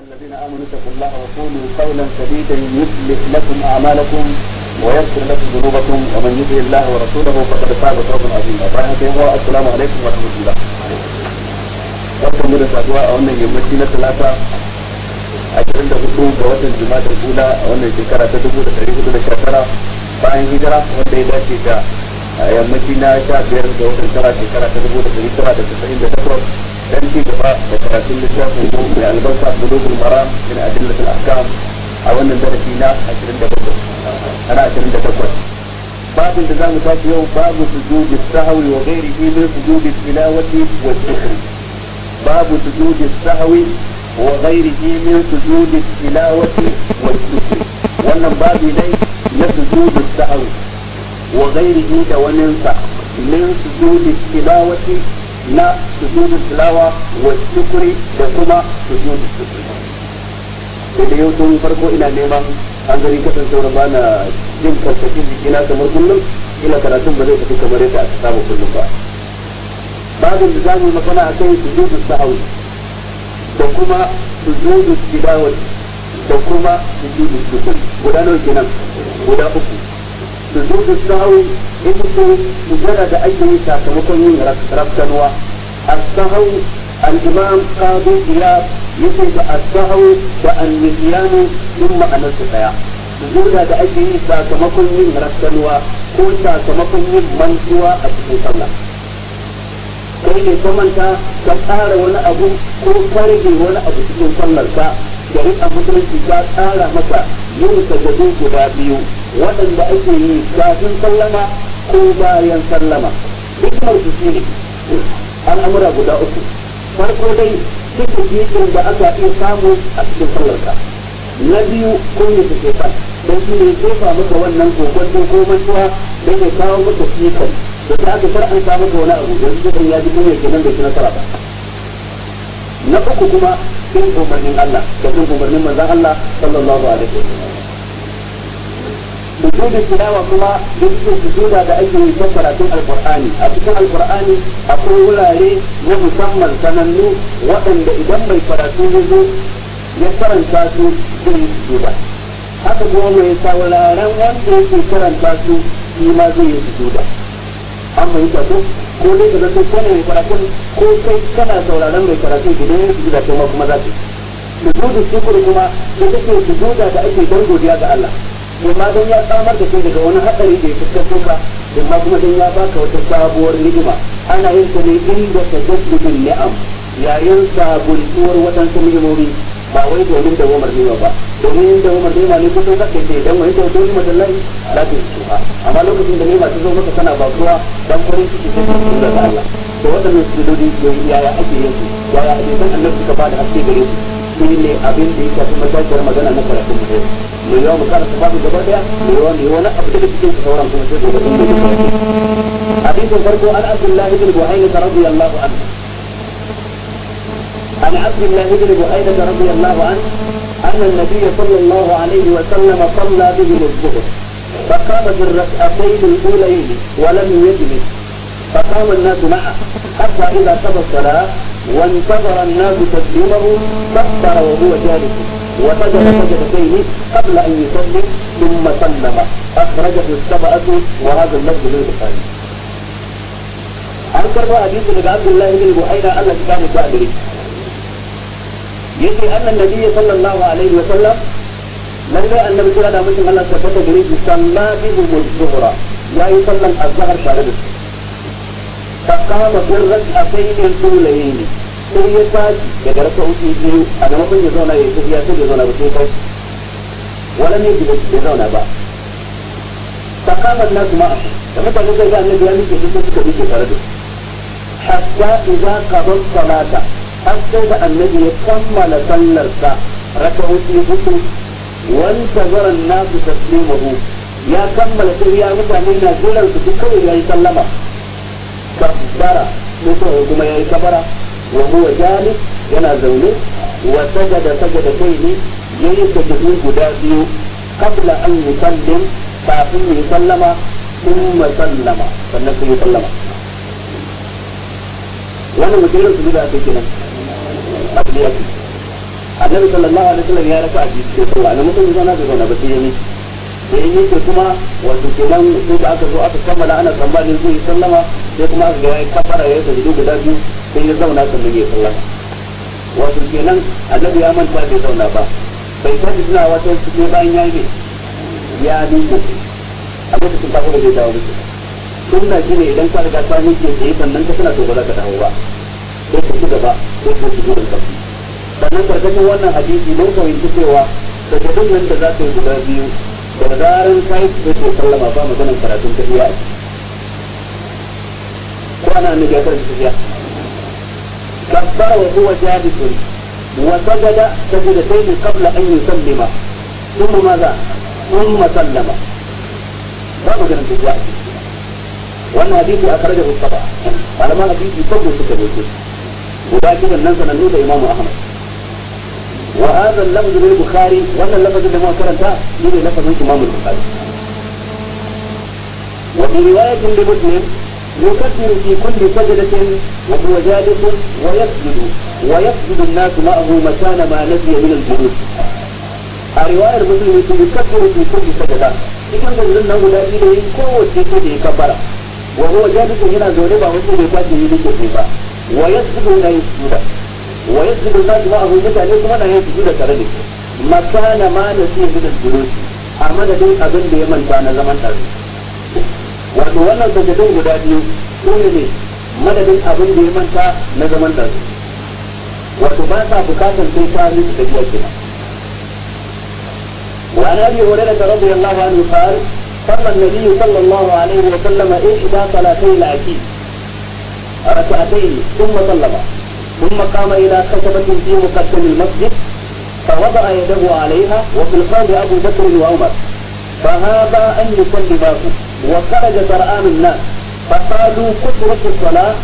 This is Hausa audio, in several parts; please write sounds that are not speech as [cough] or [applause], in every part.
الذين امنوا اتقوا الله وقولوا قولا سديدا يصلح لكم اعمالكم ويغفر لكم ذنوبكم ومن يطع الله ورسوله فقد فاز فوزا عظيما. السلام عليكم ورحمه الله. barkan mu da saduwa a wannan yammaci na talata ashirin da hudu ga watan jumadar kula a wannan shekara ta dubu da dari hudu da sha tara bayan hijira wanda ya dace da yammaci na sha biyar ga watan tara shekara ta dubu da dari tara da tasa'in da takwas ينفي لقاء وتراسيم الشرق وجوب يعني بلوغ المرام من أدلة الأحكام أو أن ذلك لا أجل عند أنا أجل عند باب التزام صلاة يوم باب سجود السهوي وغيره من سجود التلاوة والذكر باب سجود السهوي وغيره من سجود التلاوة والذكر وأن باب إليه لسجود السهوي وغيره كوننفع من سجود التلاوة na sujudu tilawa wa shukuri da kuma sujudu shukri da yau tun farko ina neman an gani kasancewar ba na jin karkashin jikina kamar kullum ina karatun ba zai tafi kamar yadda aka saba kullum ba bazin da za mu magana a kai sujudu sahawi da kuma sujudu tilawa da kuma sujudu shukri guda nawa kenan guda uku سجود السهو ita ce mujara da ake yi sakamakon yin rafsanwa as-sahw al-imam qadi iyab yace da as-sahw da al-nisyan din ma'anar su daya zuwa da ake yi sakamakon yin rafsanwa ko sakamakon yin mantuwa a cikin sallah kai ne ka manta ka tsara wani abu ko farge wani abu cikin sallar ka a musulunci ta tsara maka yin sajadu guda biyu waɗanda ake yi kafin sallama ko bayan sallama hikimar shi ne al'amura guda uku farko dai duk jikin da aka iya samu a cikin sallarka na biyu ko ne su shefan don shi ne jefa maka wannan kogon ko mantuwa don ya kawo maka shekar da ta aka shar'anta maka wani abu yanzu zai ya ji kuma ya nan da shi na ba na uku kuma bin umarnin Allah da bin umarnin manzan Allah sallallahu alaihi wasallam sujudu tilawa kuma duk su sujuda da ake yi ta karatun alkur'ani a cikin alkur'ani akwai wurare na musamman sanannu waɗanda idan mai karatu ya zo ya karanta su zai yi ba. haka kuma mai sauraron wanda yake karanta su shi ma zai yi sujuda an fahimta ko ko ne ka zato ko ne mai karatun ko kai kana sauraron mai karatun idan ya da ta ma kuma za da zuwa shukr kuma ita ce sujuda da ake don godiya ga Allah amma dan ya samar da kai daga wani hatsari da ya fuskanto ka ma kuma dan ya baka wata sabuwar ni'ima ana yin ta ne inda tajaddudun ni'am yayin sabuntuwar waɗansu ni'imomi ba wai domin dawamar ni'ima ba domin yin tawo nema ne ko kusan zaka ce dan wani tawo domin madallahi la ta yi amma lokacin da nema ta zo maka tana bakuwa dan farin ciki ta cikin da Allah to waɗannan sujudodi yaya ake yin su yaya san annabi suka ba da haske gare su shi ne abin da ya shafi matashiyar magana na karatun mu mu yawa mu karanta babu gaba daya mu yawa mu wani abu daga cikin sauran kuma sai gobe sun gobe hadisin farko an abdullahi bin buhainaka radiyallahu anhu عن عبد الله بن بؤيدة رضي الله عنه أن النبي صلى الله عليه وسلم صلى بهم الظهر فقام بالركعتين الأولين ولم يجلس فقام الناس معه حتى إذا قضى الصلاة وانتظر الناس تسليمه كبر وهو جالس وسجد سجدتين قبل أن يسلم ثم سلم أخرجه السبعة وهذا اللفظ للبخاري an karɓo hadisi الله بن bin buhaina allah ya kare يجي أن النبي صلى الله عليه وسلم من لا أن نقول هذا مثل الله سبحانه وتعالى يسمى في ظهور الظهر لا يسمى الظهر شارد فقام برد أفين الكلين كل يساج يدرس أوتيجي أنا ما كنت يزونا يسوع إيه؟ يسوع يزونا بسيطة ولم يجد يزونا با فقام الناس ما لما تقول إذا النبي عليه الصلاة والسلام حتى إذا قضى الصلاة har sai da annabi ya kammala sallarsa raka'o'i hudu wanda zaran nasu taslimahu ya kammala sai ya mutane na jiran su duk kawai yayi sallama kabbara ko kawai kuma yayi kabara wa huwa jalib yana zaune wa sajada sajada kai ne yayi sajadu guda biyu qabla an yusallim kafin ya sallama ثم سلم فالنبي سلم وانا مدير الزبيدة في كده qabliyati annabi sallallahu alaihi wasallam ya raka a cikin sallah na mutum zauna da zauna ba sai ya da ya miki kuma wato kenan sai da aka zo aka kammala ana tsammanin zai sallama sai kuma aka ga ya kafara ya tafi guda biyu sai ya zauna sannan ya sallama wato kenan annabi ya manta bai zauna ba bai tashi suna wata cikin bayan ya yi ya miƙe a lokacin kafin da zai dawo musu sunna shine idan ka riga ka miƙe sai sannan ka tana to ba za ka dawo ba ko ku ci gaba ko ku ci gurin kafi sannan karkashin wannan hadisi mun fahimci cewa sajadun nan da za ka yi guda biyu da zaran kai su ke sallama ba maganin karatun ta iya ko ana ne ga karatun ta iya kabbara wa huwa jahidun wa sajada sajadatayn qabla an yusallima ثم ماذا ثم سلم ba maganin ta iya wannan hadisi akhrajahu sab'a malama hadisi sabu suka rubuta ولكن wannan sanannu da imamu ahmad wa hadha al-lafz bil bukhari wannan lafazin da muka karanta ne lafazin imamu bukhari wa bi riwayatin li muslim يكبر في كل سجدة وهو جالس ويسجد ويسجد الناس معه مكان ما نسي من الجلوس الرواية المسلمة يكبر في كل سجدة يكون سجدنا هو لا يدري قوة سجدة يكبر وهو جالس هنا زوري وهو سجدة يدري كيف wa yasjudu la yasjuda wa yasjudu an-nas ma'ahu mutane kuma na yin da tare da shi makana ma na sai da julusi a madadin abin da ya manta na zaman tare wato wannan sajadun guda biyu ko ne madadin abin da ya manta na zaman tare wato ba sa bukatar sai ta yi da tafiya kenan وعن ابي هريره رضي الله عنه قال صلى النبي صلى الله عليه وسلم احدى صلاتي العتيق ركعتين ثم صلى ثم قام إلى خشبة في مقدم المسجد فوضع يده عليها وفي القوم أبو بكر وعمر فهذا أن يسلماه وخرج سرعان الناس فقالوا كثرة الصلاة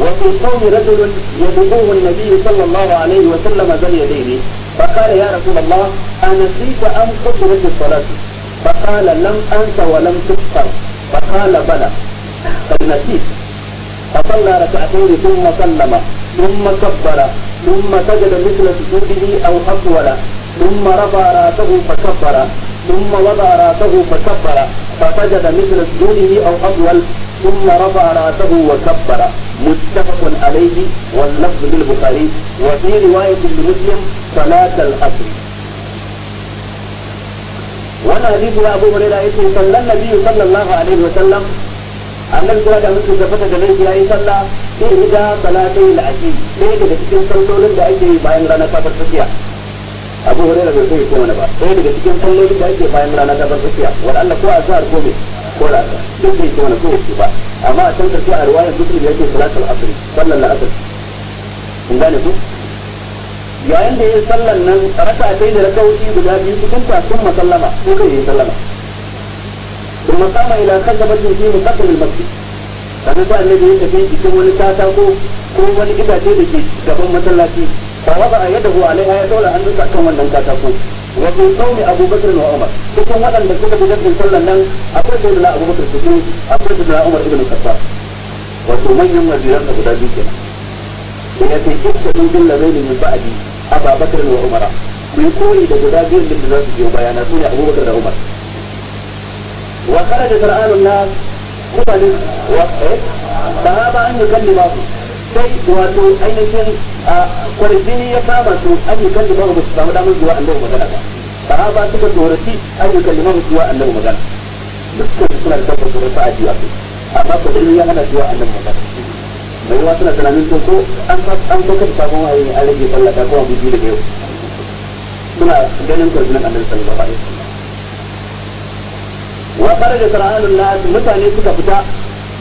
وفي القوم رجل يدعوه النبي صلى الله عليه وسلم بين يديه فقال يا رسول الله أنسيت أم كثرة الصلاة فقال لم أنس ولم تكثر فقال بلى فنسيت فصلى ركعتين ثم سلم ثم كبر ثم سجد مثل سجوده او اطول ثم رفع راسه فكبر ثم وضع راسه فكبر فسجد مثل سجوده او اطول ثم رفع راسه وكبر متفق عليه واللفظ للبخاري وفي روايه لمسلم صلاه الاصل وانا حديث ابو هريره يقول صلى النبي صلى الله عليه وسلم annabi sallallahu alaihi da tabbata da laifi yi sallah in ida salatin al-asr ɗaya daga cikin sallolin da ake yi bayan ranar safar tsakiya abu hurairah bai sai ko wani ba ɗaya daga cikin sallolin da ake bayan ranar safar tsakiya allah ko azhar ko me ko rasa duk bai ko wani ko shi ba amma a tantar sai a riwayar muslim yake salatul asr sallan al-asr kun gane ku yayin da yin sallan nan raka'a da rakawoyi guda biyu cikin ta sun masallama ko kai yin sallama ثم قام إلى fi في مقدم المسجد sannan sai annabi ya tafi cikin wani katako ko wani gidaje da ke gaban masallaci fa yadda ko alai ya dora duka kan wannan katako wa fi abu abubakar wa umar cikin waɗanda suka bi dabin sallan nan akwai sayyidina abubakar cikin akwai sayyidina umar ibn khattab wato manyan waziran da guda biyu kenan da ya ce kika dun dun lazaini min ba'di abubakar wa umara ku koyi da guda biyun da za su biyo bayana su ne abubakar da umar وخرج قرآن الناس مبلغ فهذا أن يكلمه sai wato ainihin kwarjini ya kama su an yi kan limamu su samu damar zuwa annabi magana ba sahaba suka tsoraci an yi kan limamu zuwa annabi magana dukkan suna da tabbata amma ya hana zuwa annabi magana mai ruwa suna tunanin to ko an an ko kan sabon wahayi an rage sallah ta kuma bibi da yau suna ganin kwarjinin annabi sallallahu alaihi wasallam wa kharaja na nas mutane suka fita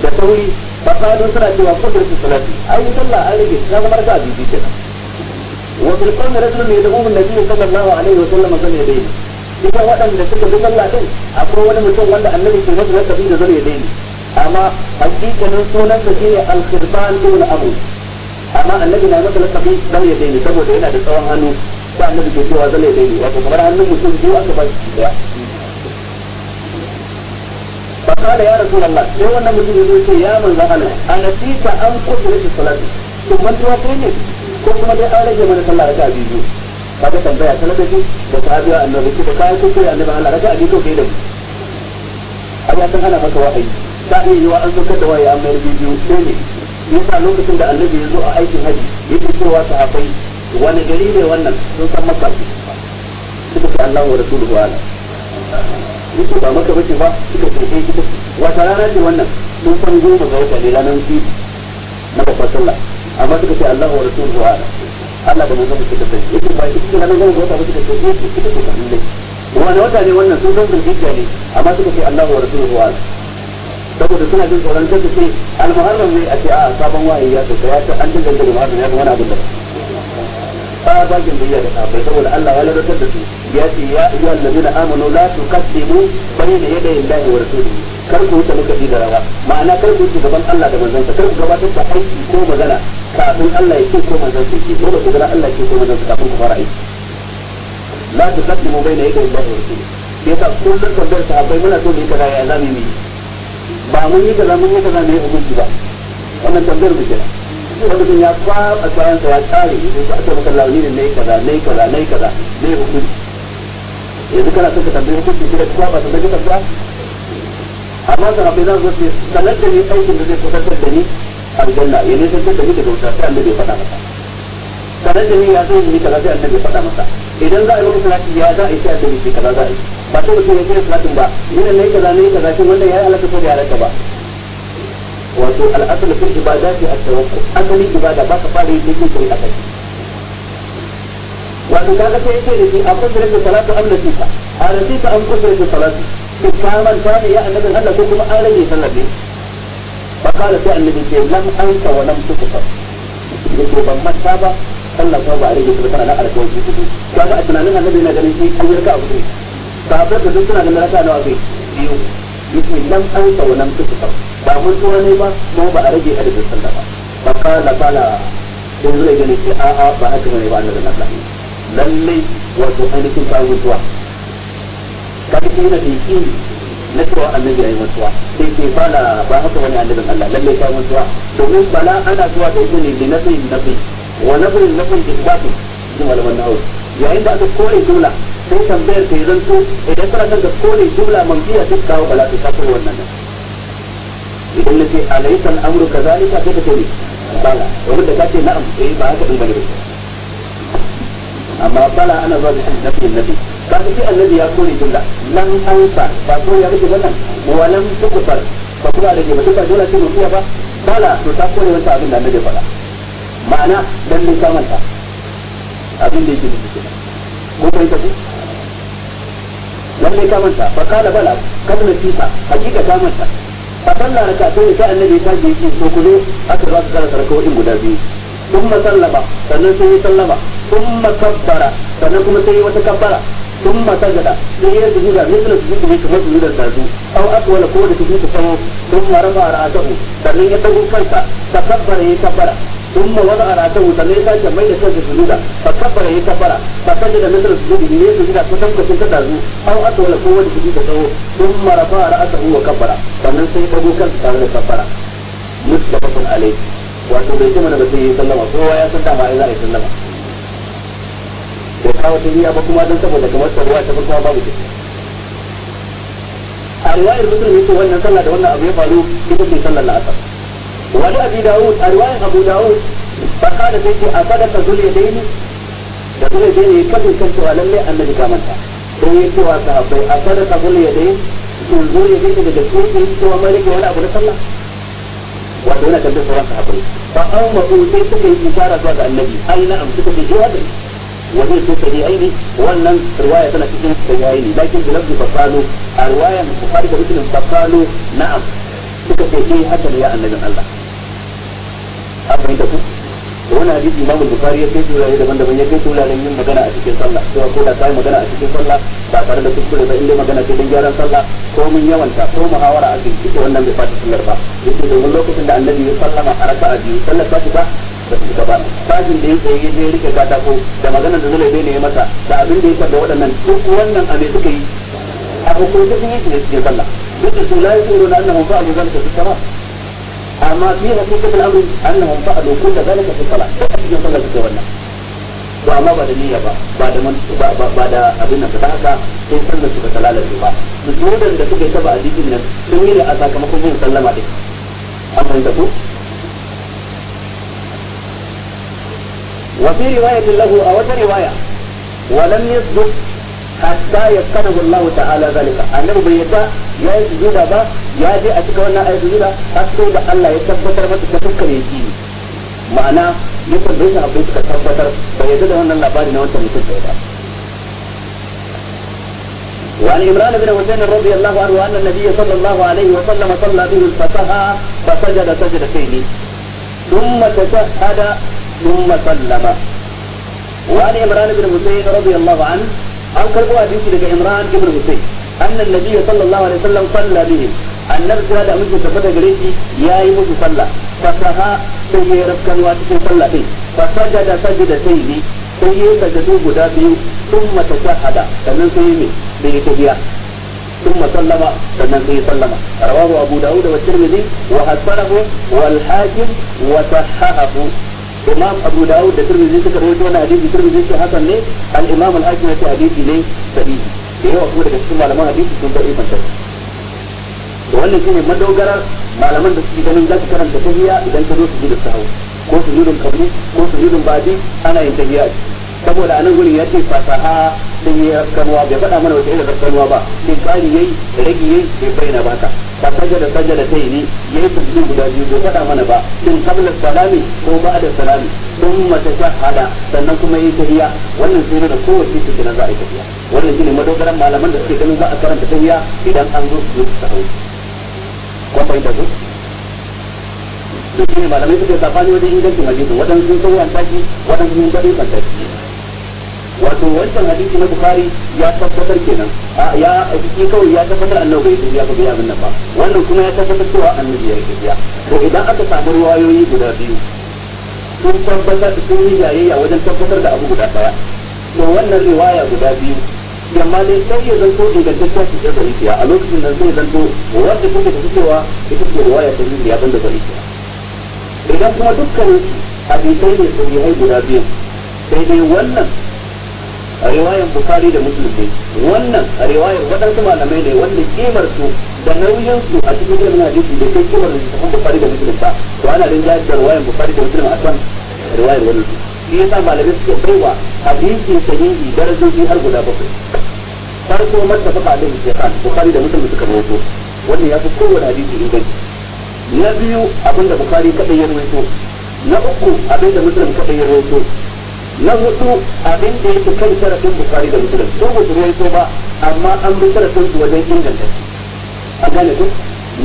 da sauri fa qalu suna cewa su salati ai sallah an rage ta zama raka'a biyu kenan wa fil qawmi rajulun yad'u an-nabiy sallallahu alaihi wa sallam sal yadayhi cikin waɗanda suka bi sallah din akwai wani mutum wanda annabi ke masa lakabi da zai yadayhi amma hakikanin sunan da ke al-khirban abu amma annabi na masa zan ya yadayhi saboda yana da tsawon hannu da annabi ke cewa wato kamar hannun mutum biyu aka ba fasala ya rasu Allah sai wannan mutum ya zo ce ya manzo Allah a nasita an kudura su salati su mantuwa kai ne ko kuma dai an rage mana sallah raka'a ba kaga tambaya ta ladabi da sahabiya annabi ko kai ko kai annabi Allah raka'a raja ko kai da abu san ana maka wahayi ta iya wa an zo da wahayi an mayar biyu sai ne yasa lokacin da annabi ya zo a aikin haji yake cewa sahabbai wani gari ne wannan sun san su suka ce Allah wa rasuluhu ala yake ba maka bace ba kika kokon kika wata rana ce wannan mun san goma ga wata ne ranar fi na babbar sallah amma suka ce Allahu wa rasuluhu ala Allah da manzon suka ce yake ba yake ranar goma ga wata ba suka ce yake suka ce kan dai wani wata ne wannan sun san zulhijja ne amma suka ce Allahu wa rasuluhu ala saboda suna jin tsoron kada ce al-muharram ne a ce a sabon wahayi ya sauka ya ta an dinga da muharram ya ga wani abin da ba tsabagen biyayya da sahabbai saboda Allah ya ladatar da su ya ce ya ayyuhal ladina amanu la tuqaddimu bayna yadayi Allahi wa rasulihi kar ku wuce lokaci da rawa ma'ana kar ku wuce gaban Allah da manzansa kar ku gabatar da aiki ko magana kafin Allah ya ce ko manzansa ya ce dole ku gara Allah ya ce ko manzansa kafin ku fara aiki la tuqaddimu bayna yadayi Allahi wa rasulihi sai ka kullun tambayar sahabbai muna so mu yi kaza ya zamu yi ba mun yi kaza mun yi kaza ne hukunci ba wannan tambayar mu kenan wani ya kwaba tsaransa ya tsare ya ku aka maka launi ne kaza kaza kaza yanzu kana son ka tambayi kira kwaba ta amma su da ni aikin da zai kusantar da ni ya da ni daga wuta sai annabi ya faɗa masa da ni ya kaza sai annabi ya faɗa masa idan za a yi maka salati ya za a yi sai annabi kaza za a yi ba sai mutum ya salatin ba ni ne kaza kaza wanda ya halaka ko bai ba wato al'asar fil ibadati at-tawakkul asali ibada ba ka fara yi cikin kai akai wato ga sai yake da shi a kusurin da salatu an nasifa a nasifa an kusurin da salatu duk ka ta ne ya annabi Allah ko kuma an rage sallar ne ka kala sai annabi ke lam ka wa lam tukfa ko ban manta ba ta ba a rage sallar na alƙawari kudu kaga a tunanin annabi na ganin shi an ka abu ne ba ba da duk da na raka'a nawa bai biyu ne lam ka wa lam tukfa ba mun tura ne ba kuma ba a rage adadin sallah ba ba ka kala bala ko zai gane ce a a ba haka bane ba annabin Allah lalle wato ainihin ba mun tuwa ba kuma yana da yaki na cewa annabi yayi mutuwa sai ke bala ba haka bane annabin Allah lalle ba mun tuwa domin bala ana zuwa da ne na sai na sai wa na na sai sai nafi ba ku cikin malaman nahawu yayin da aka kore jumla sai tambayar ta yi zanto idan kana da ka kore jumla manfiya duk kawo bala ta kafa wannan nan idan na ce alaikal amru kazalika sai ka ce bala wani da ta ce na'am eh ba haka din bane amma bala ana zuwa da annabi annabi ka ga sai annabi ya kore nan an sa ba ko ya rike wannan walam tukfar ba kuma da ke ba tukar dole sai rufiya ba bala to ta kore wancan abin da annabi faɗa ma'ana dan ne kamanta abin da yake da cikin ko kai ta ku lalle kamanta fa kala bala kamar fifa hakika kamanta a sallah ta a sai annabi ya tashi yake so ku zo aka zo aka karanta rakawoyin guda biyu ثم sallama sannan sai ya sallama kuma sannan kuma sai ya wata kabbara kuma سجد sai ya sujuda misal sujudu ne kamar sujudan sazu aw aswala ko da sujudu sawo ثم رفع رأسه sannan ya dago kansa ta kabbara ya kabbara ثم وضع راسه سنه ساك مي da su sujuda fa kabbara ya kabbara fa sajada misal da ne ya sujuda ko tanka sun kada zu aw aswala ko wani sujudi da tsawo thumma rafa ra'sahu wa kabbara sannan sai ya dago kansa tare da kabbara mustafakun alai wato bai ce mana ba sai yi sallama kowa ya san dama ai za a yi sallama da kawo ta riya ba kuma don saboda kamar ta ruwa ta farko babu ta a riwayar ne ko wannan sallah da wannan abu ya faru ita ce sallar la'asar wani abi dawud a riwayan abu dawud ba ka da sai a sadaka zuliya daini da zuliya daini ya kasance cewa lallai annabi ka manta sai ya ce wa sahabbai a sadaka zuliya daini sun zuliya daini daga tsoki cewa maliki wani abu na sallah wato yana tambayar sauran sai annabi وهي في صحيحين وان روايه سنه في صحيحين لكن بلفظ فقالوا الروايه من البخاري ومسلم فقالوا نعم suka ce eh haka ne ya annabin Allah an da ku wani hadisi imamu bukari ya kai turare daban-daban ya kai turaren yin magana a cikin sallah cewa ko da kai magana a cikin sallah ba tare da kuskure ba inda magana sai dan gyaran sallah ko mun yawanta ko muhawara a cikin ita wannan bai fata sallar ba yake domin lokacin da annabi ya sallama a raka'a biyu sallar ta ba ba su ba bashin da ya tsaye ya je rike katako da magana da zulai bai ne ya masa da abin da ya kwada waɗannan duk wannan a me suka yi a hukumar sun yi ne cikin sallah duk da su la ya tsoro na annabi ba a mu zanta su sama amma fi ga su kuma amin annahum fa'alu kun da zalika fi salat ko su yin sallah da wannan to amma ba da niyya ba ba da man ba ba da abin nan da haka sun san da su da salalar ba su dudan da suke saba addinin nan sun yi ne a sakamakon yin sallama dai an fahimta ko wa fi riwayatin lahu a wata riwaya wa lam yasduq حتى يقتنب الله تعالى ذلك أنه بيتا يجد با يجد أتكونا أجد حتى الله يتبت رمت تتبك ليجيب معنى يتبت بيتا أبيتك تتبت فيجد أن الله بارنا وانت متبت وعن عمران بن حسين رضي الله عنه أن النبي صلى الله عليه وسلم صلى به الفتح فسجد سجدتين ثم تشهد ثم سلم وعن عمران بن حسين رضي الله عنه an karbo hadisi daga Imran ibn Husayn anna an-nabiy sallallahu alaihi wasallam salla bihim annabi kira da amince da gare shi yayi musu sallah fasaha sai ya rakkanwa cikin sallah din fasaja da da sai ne sai ya sajadu guda biyu thumma tashahada sannan sai ne da ya tabiya ثم سلم سنن به سلم رواه أبو داود والترمذي وحسنه والحاكم وصححه imam abu dawud da tirmidhi suka rawaito wannan hadisi tirmidhi ce hasan ne al imam al hakim ce hadisi ne sabi da yawa kuma daga cikin malaman hadisi sun bari fanta da wannan shine madogarar malaman da suke ganin za su karanta tahiyya idan ka zo su ji da sahu ko su ji da kabri ko su ji da badi ana yin tahiyya saboda anan gurin ya ce fasaha sun yi rafkanuwa bai faɗa mana wata irin rafkanuwa ba sai kari yayi rage yayi bai bayyana ba ka fa sajada sajada ta yi yayi sujudi guda biyu bai faɗa mana ba in kala salami ko ba ba'da salami ta hada sannan kuma ya tahiyya wannan sai da kowace ce da za a yi tafiya wannan shine madogaran malaman da suke ganin za a karanta tahiyya idan an zo su ta hau ko bai da to shine malamai suke safani wajen ingancin hadisin waɗansu sun sauya tashi waɗansu sun gaɗin tashi wato wancan hadisi na bukari ya tabbatar kenan ya shi kawai ya tabbatar annabi bai tafiya ba bai abin nan ba wannan kuma ya tabbatar cewa annabi ya tafiya to idan aka samu ruwayoyi guda biyu sun tabbatar da sun yi yayayya wajen tabbatar da abu guda daya to wannan riwaya guda biyu yamma dai sai ya zanto ingantaccen su ce zarifiya a lokacin nan zai zanto wanda kuka tafi cewa ita ce riwaya ta zuriya ban da zarifiya idan kuma dukkan su hadisai ne sun yi guda biyu sai dai wannan a riwayar bukari da muslim ne wannan a riwayar waɗansu malamai ne wanda kimar su da nauyin su a cikin ilimin hadisi da kai kimar da tafin bukari da muslim ba to ana rin jaji da riwayar bukari da muslim a kan riwayar wani su shi yasa malamai suke baiwa hadisi sahihi darajoji har guda bakwai farko mattafaqa alaihi kan bukari da muslim suka rawaito wannan ya fi kowane hadisi inganci na biyu abinda bukari kaɗai ya rawaito na uku abinda muslim kaɗai ya rawaito na hudu abin da yake kan sharafin bukari da musulun to ba su so ba amma an bi sharafin su wajen inganta a gane ku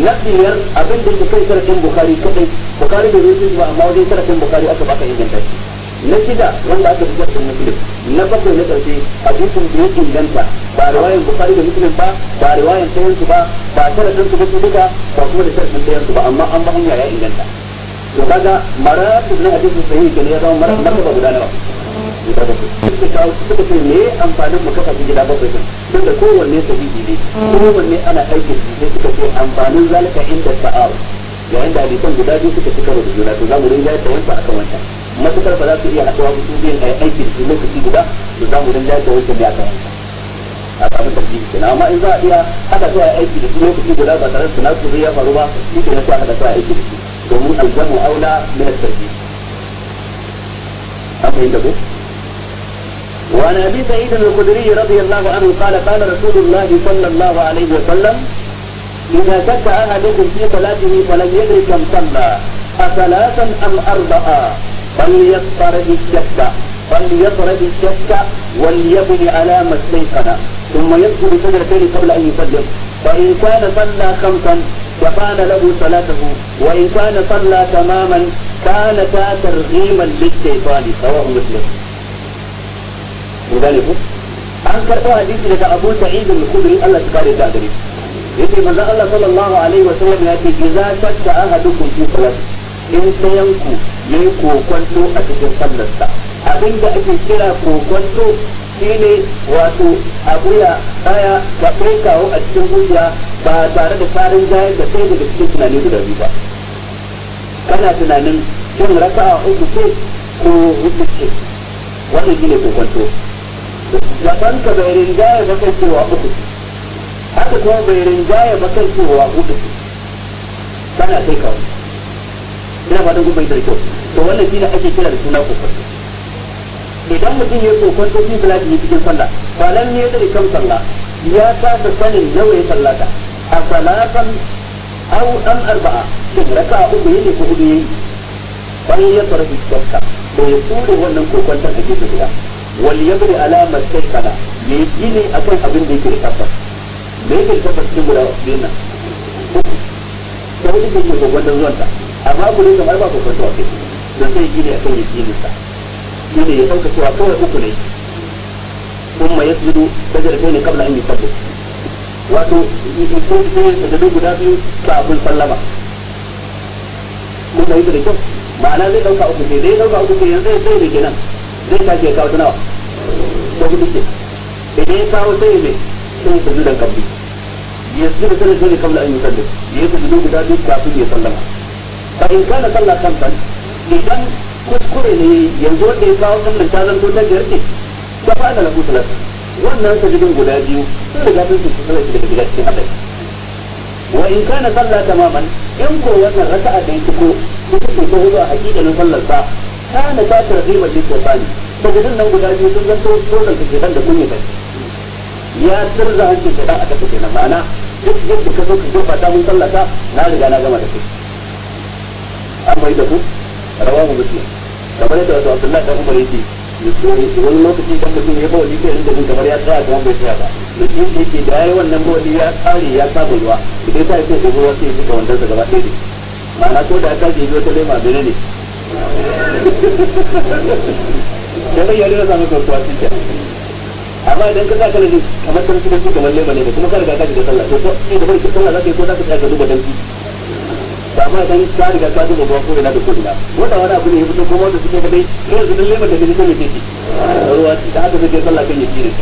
na biyar abin da yake kan sharafin bukari kadai bukari da ruwaito ba amma wajen sharafin bukari aka baka inganta na shida wanda aka fi sharafin musulun na bakwai na karshe hadisin da ya inganta ba riwayan bukari da musulun ba ba riwayan sayansu ba ba sharafin su ba su duka ba kuma da sharafin sayansu ba amma an ba hanya ya inganta to kaga maratib na hadisi sahihi kenan ya zama maratib martaba guda nawa guda bakwai suka kawo suka ce me amfanin mu kafa gida bakwai din tunda kowanne sahihi ne kowanne ana aikin shi sai suka ce amfanin zalika inda ta'aw yayin da hadisan guda biyu suka ci karo da juna to za mu rinja ta wanka akan wancan matukar ba za su iya haɗuwa mutum biyan a aikin su lokaci guda to za mu rinja ta wancan ne akan wancan a samu tarjihi kenan amma in za a iya haka zuwa aiki da su lokaci guda ba tare da suna su ya faru ba shi ke na sa haka zuwa aiki da su وهو الزم اولى من التسجيل. أم عندكم؟ وعن ابي سعيد الخدري رضي الله عنه قال قال رسول الله صلى الله عليه وسلم اذا شك احدكم في صلاته فلم يدري كم صلى اثلاثا ام اربعا فليطرد الشك فليطرد الشك وليبن على ما استيقن ثم يذكر سجدتين قبل ان يسلم فان كان صلى خمسا وكان له صلاته وإن كان صلى تماما كانتا ترغيما للشيطان رواه مسلم وذلك an karɓo hadisi daga Abu Sa'id al-Khudri Allah ya kare ta gare yace manzo Allah sallallahu alaihi ya ce idza shakka ahadukum fi salat in sayanku yayi kokonto a cikin sallarsa abinda ake kira kokonto shine wato abuya baya da kawo a cikin zuciya ba tare da farin jayar da sai daga cikin tunani guda biyu ba kana tunanin shin a uku ce ko hudu ce wannan shine kokonto san ka bai rinjaya ba kan cewa uku ce haka kuma bai rinjaya ba kan wa hudu ce kana kai kawo ina fatan kun bai da kyau to wannan shine ake kira da suna kokonto idan mutum ya so kwanto fi salati ne cikin sallah ba nan ne tsare kan sallah ya kasa sanin nawa ya sallata a salatan aw dan arba'a din raka uku yake ko hudu yayi bayan ya fara fiskanta ko ya tsore wannan kokon da take guda wal yabri ala mastaykana ya yi ne akan abin da yake da tabbas ne yake tabbas din guda din nan ko hudu yake kokon da ta amma ne kamar ba kokon ta wake da sai yake ne akan yakininsa shi ne ya sauka cewa kawai uku ne kuma ya sujudu sajada ne kabla an yusabbu wato ko sai sajadu guda biyu kafin sallama mun fahimta da kyau ma'ana zai ɗauka uku sai zai ɗauka uku sai yanzu sai ne kenan zai tashi ya kawo tunawa ko hudu ke idan ya kawo sai ne sai sujudan kabli ya sujudu sajada ne kabla an yusabbu ya sujudu guda biyu kafin ya sallama fa in kana sallah kamsan idan kuskure ne yanzu wanda ya kawo sannan ta zanto ta biyar ce ba ba da lafu salat wannan sajidin guda biyu sun riga sun su sanar shi daga gida cikin haɗari wa in kana sallah tamaman in ko wannan raka'a da yake ko ita ce ta hudu a hakikanin sallar sa kana ta tarbi mace ko bani sajidin nan guda biyu sun zanto tsoron ta kenan da kun yi ya turza hancin kenan a kasa na ma'ana duk yadda ka so ka ta mun sallata na riga na gama da kai an bai da ku rawahu muslim kamar yadda wato Abdullah dan Umar yake wani lokaci dan mutum ya bawali kai da mun kamar ya tsaya kuma bai tsaya ba mutum da yake da yayi wannan bawali ya kare ya samu wani da sai sai gobe wasu yake ga wannan gaba ɗaya ma'ana ko da aka jibi wata lema bene ne [laughs] dan ya rera zama ko kuwa cikin amma idan ka saka ne kamar sarki da kamar lema ne kuma ka riga ka ji da sallah to sai da bai sallah zaka yi ko zaka tsaya ka duba danki ba ma san ka riga ka zuba ba ko ina da ko ina wanda wani abu ne ya fito ko wanda suke da dai ko yanzu dan lemar da gani ce ruwa da aka zai sallah kan yake ne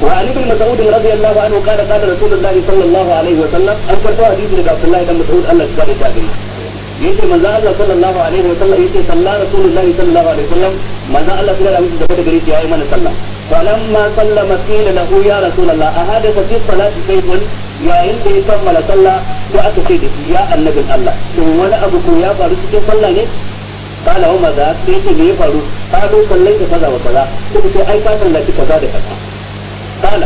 وعن ابن مسعود رضي الله عنه قال قال رسول الله صلى الله عليه وسلم أكبر حديث لك عبد الله بن مسعود الله سبحانه وتعالى yace manzo Allah sallallahu alaihi wa sallam yace sallallahu rasulullahi sallallahu alaihi wa sallam manzo Allah sallallahu alaihi wa sallam da gare shi yi mana sallah فلما سلم قيل له يا رسول الله أحدث في الصلاة شيء يا إنت كمل صلى وأتقيد يا النبي الله ثم ولا أبوك يا فارس كيف صلى قال وما ذاك ليس لي فارس قالوا صليت كذا وكذا قلت أي فاتن لك كذا كذا قال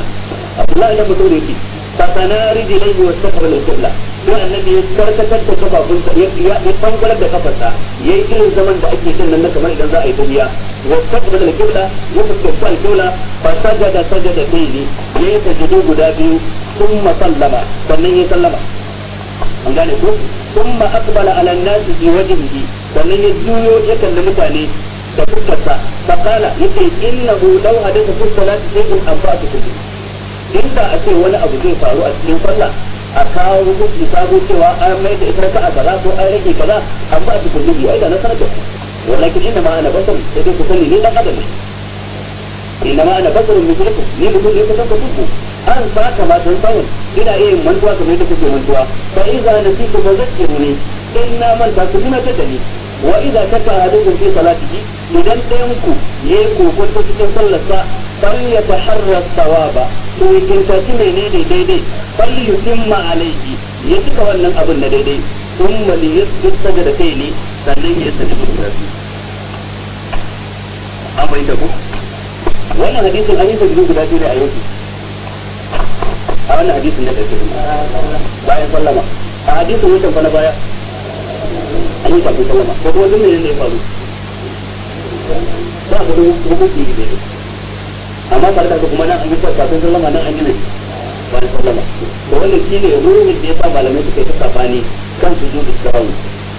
عبد الله بن مسعود fasana rijilaihi wa saqbala al-qibla sai annabi ya karkatar da kafafunsa ya ya tangular da kafarsa yayi irin zaman da ake kin nan na kamar idan za a yi dubiya wa saqbala al-qibla ya fuskanci al-qibla fa sajada sajada fihi yayi sujudu guda biyu thumma sallama sannan ya sallama an gane ko thumma aqbala ala ya juyo ya kalli mutane da fuskarsa fa qala yace innahu law inda a ce wani abu zai faru a cikin sallah a kawo hukunci sabo cewa an mai da ita a kaza ko an rage kaza an ba su kulli ai da na sanar da walakin inna ma ana basar da dai ku sani ni dan adam ne inna ma ana basar mithluku ni mutum ne kusan ka tuku an ba kama ma san sanin ina iya mantuwa kamar yadda kuke mantuwa fa iza nasiku fa zakkiruni in na manta ku tunatar ta dani wa idza shakka ahadukum fi salatihi idan ɗayan ku ko kokonto cikin sallarsa fal yataharra thawaba to ya kintaci menene daidai fal yutimma alayhi ya cika wannan abin da daidai yusbit sajada sajdatayni sannan ya sajdu guda biyu an bai da ku wannan hadisin an yi da guda biyu da a yau a wannan hadisin da cikin bayan sallama a hadisin wutan fa na baya an yi kafin sallama ko kuma duk ne ya faru ba ku duk hukunci ne amma tare da kuma nan an yi kafin sallama nan an yi ne bayan sallama to wannan shi ne ruhin da ya sa malamai suka yi sabani kan su zuwa sawu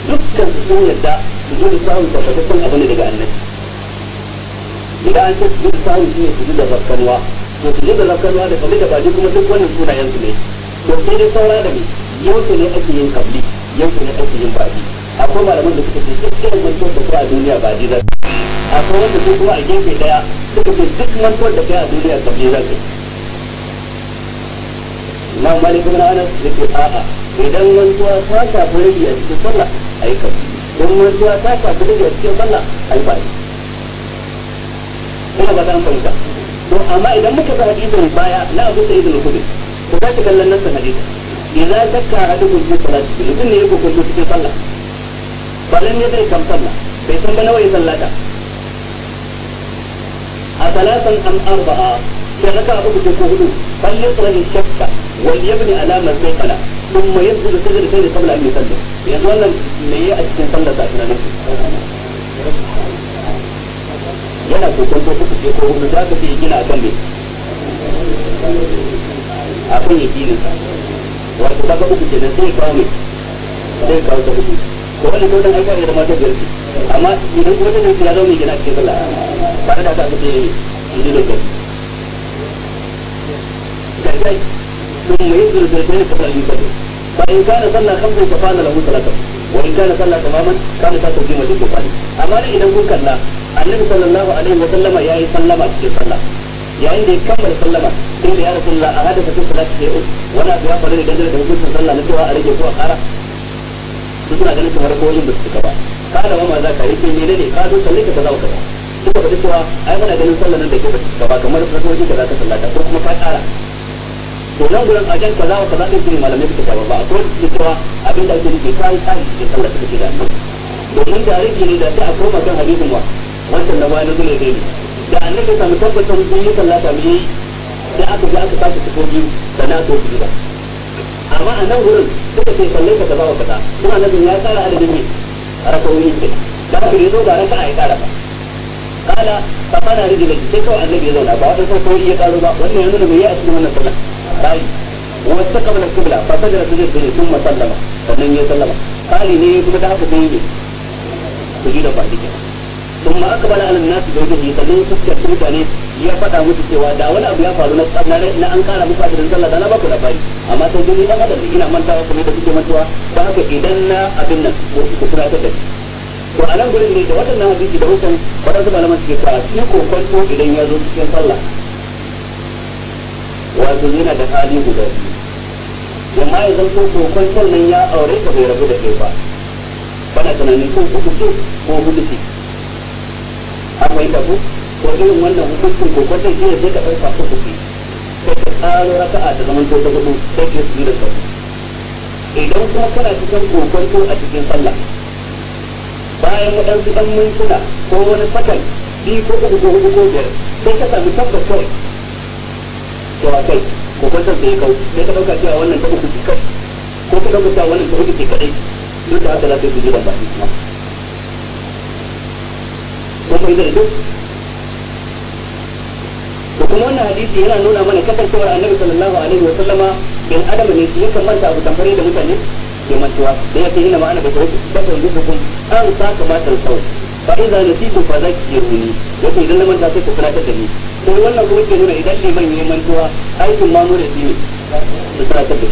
dukkan su sun yadda su zuwa sawu tabbatattun abu ne daga annabi idan an ce su zuwa sawu shi ne su zuwa zakkarwa to su zuwa zakkarwa da kamar da baji kuma duk wannan sunayen su ne to sai dai saura da me yau ne ake yin kabli yau ne ake yin baji akwai malaman da suka ce dukkan mantuwar da kuwa a duniya ba ji za ka akwai wanda ko kuma a gefe daya suka ce duk mantuwar da kai a duniya ka jizar za ka na kuma na anas da ke a'a idan mantuwa ta shafi rabi a cikin sallah ayi kafi idan mantuwa ta shafi rabi a cikin sallah ayi ba Kuma ba zan fahimta to amma idan muka ga hadisin baya na abu sai da kubi ko za ta kallon nan hadisin idan zakka hadisin bi salati mutum ne ya kokonto cikin sallah falam zai kam salla bai san ba nawa ya sallata a salatan am arba'a sai raka uku ko hudu fal yaqra shakka wal yabni ala ma sayqala thumma yasjudu sajdatayn qabla an yusalli yanzu wannan me ya a cikin sallar sa tunanin yana kokon ko ko ce ko hudu za ka ce gina a me akan yakinin wato kaga uku kenan sai kawo me sai kawo ta hudu ko wani dole ai kawai da mata biyar amma idan kuma da ya zama mai gina cikin sallah ba da aka ce yi da gaba gargai ثم ينزل الجلدين قبل ان يصلي فان كان صلى خمسا فقال له ثلاثه وان كان صلى تماما كان صلى في مسجد البخاري اما اذا كنت كلا النبي صلى الله عليه وسلم يا سلم في صلى yayin da ya kammala sallama sai da ya rasulullah a hadasa cikin salati sai wani abu ya faru ne dangane da hukuncin sallah na cewa a rage ko a kara su suna ganin kamar ko wajen ba su cika ba ka ma za ka yi ne ne ka zo kalle ka kaza wa kaza suka faɗi cewa ai muna ganin sallar nan da ke ba su cika ba kamar ko wajen kaza ka sallata ko kuma ka tsara to nan gurin ajan kaza wa kaza din ne malamai suka shafa ba akwai su cewa abin da ake nufi kai kai cikin sallar suka ke da domin da rage ne da sai a koma kan hadisin wa wancan na bayan zuwa ne da annabi samu tabbatar da yi sallata mu yi da aka ji aka sake ko biyu da na so su gida amma a nan gurin suka ce sallai ka kaza wa kaza kuma annabin ya tsara adadin ne rakawoyi ke da haka ya zo ba raka a yi tsara ba kala fa kana da ke kawai annabi ya zauna ba wata sun kawai ya karo ba wannan yanzu da mai yi a cikin wannan sallan bai wata da kubla fa sajada sujud bi sun masallama sannan ya sallama kali ne kuma ta haka sai yi da ba dike ثم أقبل على الناس بوجهه sannan ya fuskanci mutane ya faɗa musu cewa da wani abu ya faru na na an kara muku ajirin sallah da na baku da bari amma sai dai dan adam ina mantawa kuma da kuke mantawa ba haka idan na abin nan ko ku kula da to a nan gurin ne da wannan hadisi da hukun waɗansu malaman suke cewa shi kwanto idan ya zo cikin sallah wato yana da hali guda biyu ko ya zanto kwanton nan ya aure ka bai rabu da kai ba bana tunanin ko uku ko hudu ce an wai da ko irin wannan hukuncin ko ko sai sai ka dauka ko ku sai ka tsaro raka'a ta zaman to ta hudu sai ka yi da sau idan kuma kana cikin kokonto a cikin sallah bayan waɗansu ɗan mintuna ko wani sakan biyu ko uku ko hudu ko biyar sai ka sami tabbas kawai to a kai kokonton sai ya kau sai ka dauka cewa wannan ta uku ce kawai ko ka dauka cewa wannan ta hudu ce kadai duk da haka za ka yi ba shi kuma koyi da ido da kuma wannan hadisi yana nuna mana kasancewar annabi sallallahu alaihi wa sallama bin adam ne shi yake manta abu tamfare da mutane ke mantuwa da yake yana ma'ana da kawai da kan duka kun an sa ta sau fa idza nasitu fa zakiruni wato idan na manta sai ku tunatar da ni to wannan kuma ke nuna idan ban yi mantuwa aikin mu da shi ne da tunatar da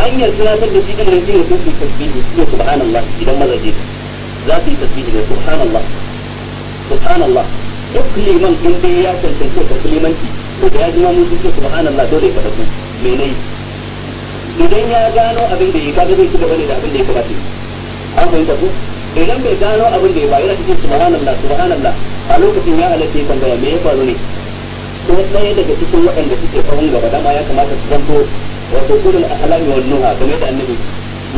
hanyar tunatar da shi din ne shi ne su tasbihi su subhanallah idan mazaje za su yi tasbihi da subhanallah subhanallah duk liman in dai ya tantance ka limanci to da ya ji ma mun ce subhanallah dole ya faɗa ku me nayi idan ya gano abin da ya kaga zai ci gaba ne da abin da ya kamata an ta ku idan bai gano abin da ya bayar cikin subhanallah subhanallah a lokacin ya halatta ya tambaya me ya faru ne ko ɗaya daga cikin waɗanda suke kawun gaba dama ya kamata su zanto wato irin ahlami wa nuha game da annabi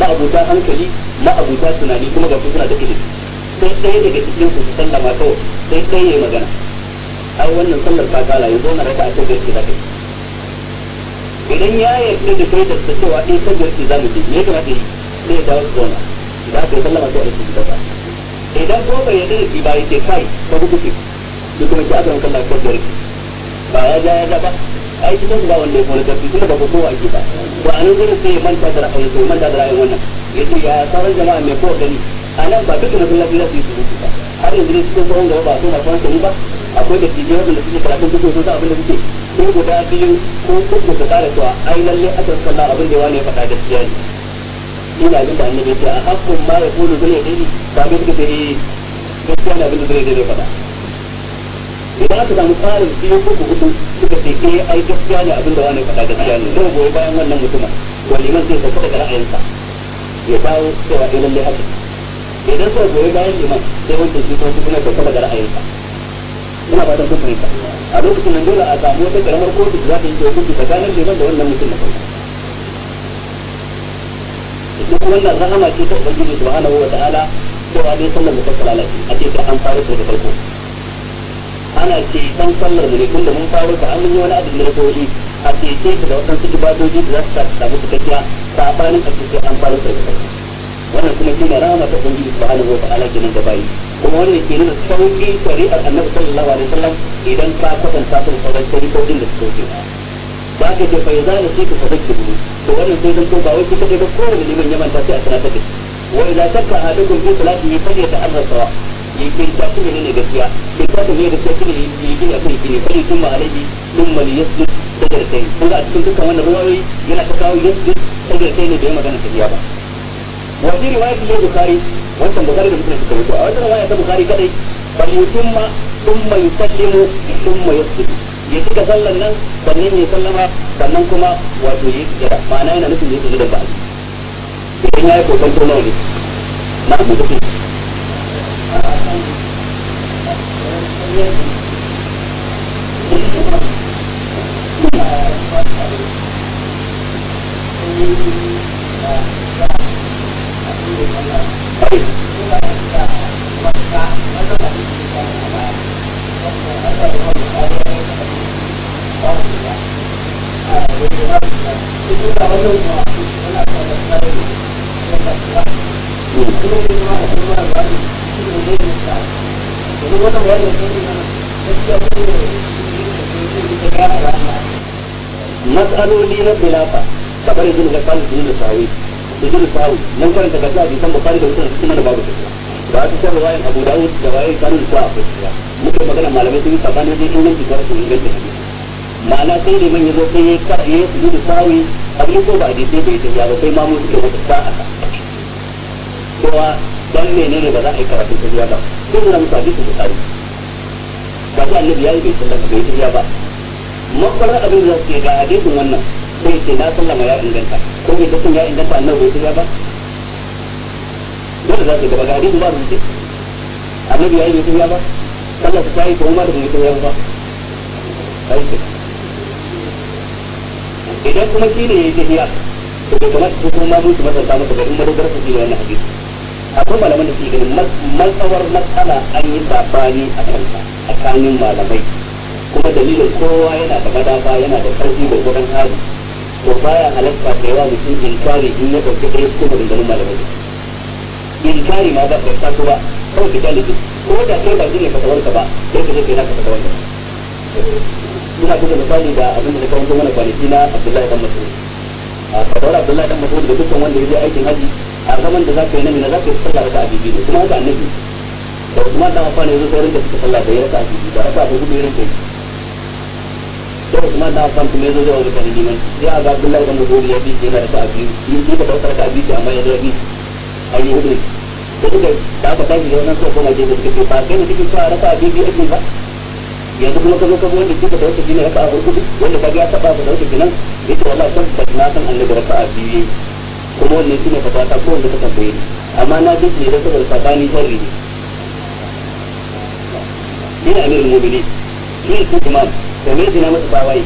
ma'abuta hankali ma'abuta tunani kuma ga suna da ilimi sai ɗaya daga cikin su su sallama to sai ɗaya ya magana ai wannan sallar ta kala yanzu na raka ta gaske za ka idan ya yarda da kai da su cewa ɗaya eh, ta gaske za mu je me ya kamata yi sai ya dawo zauna za ka yi sallama kawai da su gaba idan ko bai yarda da shi ba yake kai ko duk kuke duk kuma ki azumin kallon ko gaske ba ya ja ya ja ba ai cikin ba wanda ya kone karfi tunda ba ku kowa ake ba ko a nan gurin sai ya manta da ra'ayin to manta da ra'ayin wannan yace ya sauran jama'a mai kowa gani a nan ba duka masallaci lafiya su yi surutu ba har yanzu ne cikin tsohon gaba ba su masu hankali ba akwai da tijiyar wadanda suke karatun duk sun san abin da suke ko guda biyu ko uku su kara cewa ai lalle aka sallah abin da wani ya faɗa gaskiya ne shi ne abin da annabi ce a hakkun ma ya kulu zai yi ba mai suka sai gaskiya ne abin da zai zai faɗa idan aka samu tsarin biyu ko uku hudu suka ce eh ai gaskiya ne abin da wani ya faɗa gaskiya ne zai goyi bayan wannan mutumin waliman zai sauka daga ra'ayinsa ya dawo cewa eh lalle haka idan suka goyi bayan liman sai wanda shi kuma kuma da kuma da ra'ayinsa ina fatan kun fahimta a lokacin nan dole a samu wata karamar kotu da za ta yi hukunci tsakanin liman da wannan mutum na farko duk wannan rahama ce ta ubangiji subhanahu wa ta'ala ko a dai sallar mufassal alaki a ce sai an fara ta da farko ana ce dan sallar da ne da mun fara ta an yi wani adadin da ko rakowi a ce ce da wasan su ibadoji da za su samu cikakkiya ne a ce sai an fara ta da farko wannan kuma shine rahama ta ubangiji subhanahu wa ta'ala kenan da bayi kuma wannan ke nuna sauki shari'ar annabi sallallahu alaihi wasallam idan ka kwatanta ta sauran din da suka ba ka ce bai zai da shi ka fadakki ne to wannan sai dan ko ba wai kika ga ko ne liman yaman ta sai a sanar da shi wa idza shakka ahadukum fi salatihi falyata'arraf sawa yake ta kuma ne gaskiya sai ka ta ne da gaskiya kuma yi ne akan yake ne fari kuma alaihi dum mal yasjud sajdatain kuma a cikin dukkan wannan ruwayoyi yana ta kawo yasjud sajdatain ne bai magana ta ba wa fi riwayat al-bukhari wannan da muslim suka rubuta a wannan ta kadai fa yutimma thumma yusallimu thumma yasjudu ya cika sallan nan sannan ya sallama sannan kuma wato ya sujjada ma'ana yana nufin ya ba idan ya yi kokon ne na mutum Thank you. matsaloli na khilafa kamar ibn Ghafal ibn Sawi sujudu sahu nan karanta gashi a bisan bukari da mutum kuma da babu gaskiya da aka san ruwayan abu dawud da waye kanun sa akwai muke muka magana malamai sun yi sabani wajen inganci da rashin inganci ma'ana sai da man yazo sai ya yi sujudu sahu abin ko ba a sai bai tafiya ba sai ma mu suke wata sa'a kowa dan menene ba za a yi karatun tafiya ba ko da muka hadisi bukari ba ta annabi yayi bai sallama bai tafiya ba makwarar abin da za su ga hadisin wannan sai ce na sallama ya inganta ko bai sun ya inganta annabi bai ya ba dole za su gaba gari ba su ce annabi ya yi bai ya ba su ta yi kuma da bai ya ba aiki idan kuma shi ne ya yi tafiya to bai kamata su kuma mun su masanta masa ba in madogara su shi wannan hadisi akwai malaman da suke ganin matsawar matsala an yi sabani a kanta a tsakanin malamai kuma dalilin kowa yana da madafa yana da karfi da gudan hali to baya halatta da yawa mutum inkari in ya ɗauki ɗaya ko da dangane malamai inkari ma ba ka ko ba kawai ka jalibi ko da kai ba shine fatawarka ba sai ka je kai naka fatawarka ina buga misali da abin da kawo mana kwanaki na Abdullahi dan masu a fatawar Abdullahi dan masu da dukkan wanda ya je aikin haji a zaman da za ka yi nan ne ka yi sallah da raka'a biyu kuma haka annabi da Usman dan ne ya zo saurin da suka sallah da ya raka'a biyu da raka'a hudu ya rinka sai Usman na Affan kuma yazo zai aure kan liman sai a ga Abdullahi ibn Zubair ya bi yana da ta biyu ni shi ka dauka ta biyu amma ya zo bi ayi hudu ko da da aka tashi da wannan sai kuma je da kike ba sai kike cewa raka biyu ake ba yanzu kuma ka zo ka wanda kika da wata shine raka hudu wanda ka ga ta ba ka dauka kenan yace wallahi tabbas na san annabi raka biyu kuma wannan shine fata ko wanda ka tambaye amma na bi ne da saboda sabani sharri ne ina amirul mu'minin shi imam domin zina masu tawaye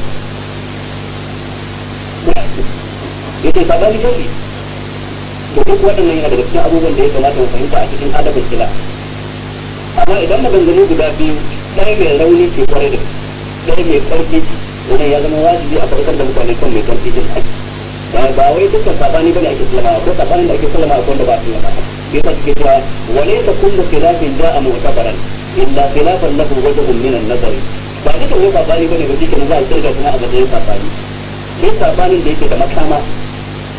to duk waɗannan yana daga cikin abubuwan da ya kamata mu fahimta a cikin adabin kila amma idan maganganu guda biyu ɗaya mai rauni ke kwarai da ɗaya mai ƙarfi wannan ya zama wajibi a farkon da mutane kan mai ƙarfi din ba ba wai dukkan sabani bane ake ko da ake sallama ko wanda ba su sallama bai ta cikin cewa walaysa kullu ja'a min nazari ba duka wani sabani bane ba shi kenan za a kirga kuma a matsayin sabani sai sabanin da yake da makama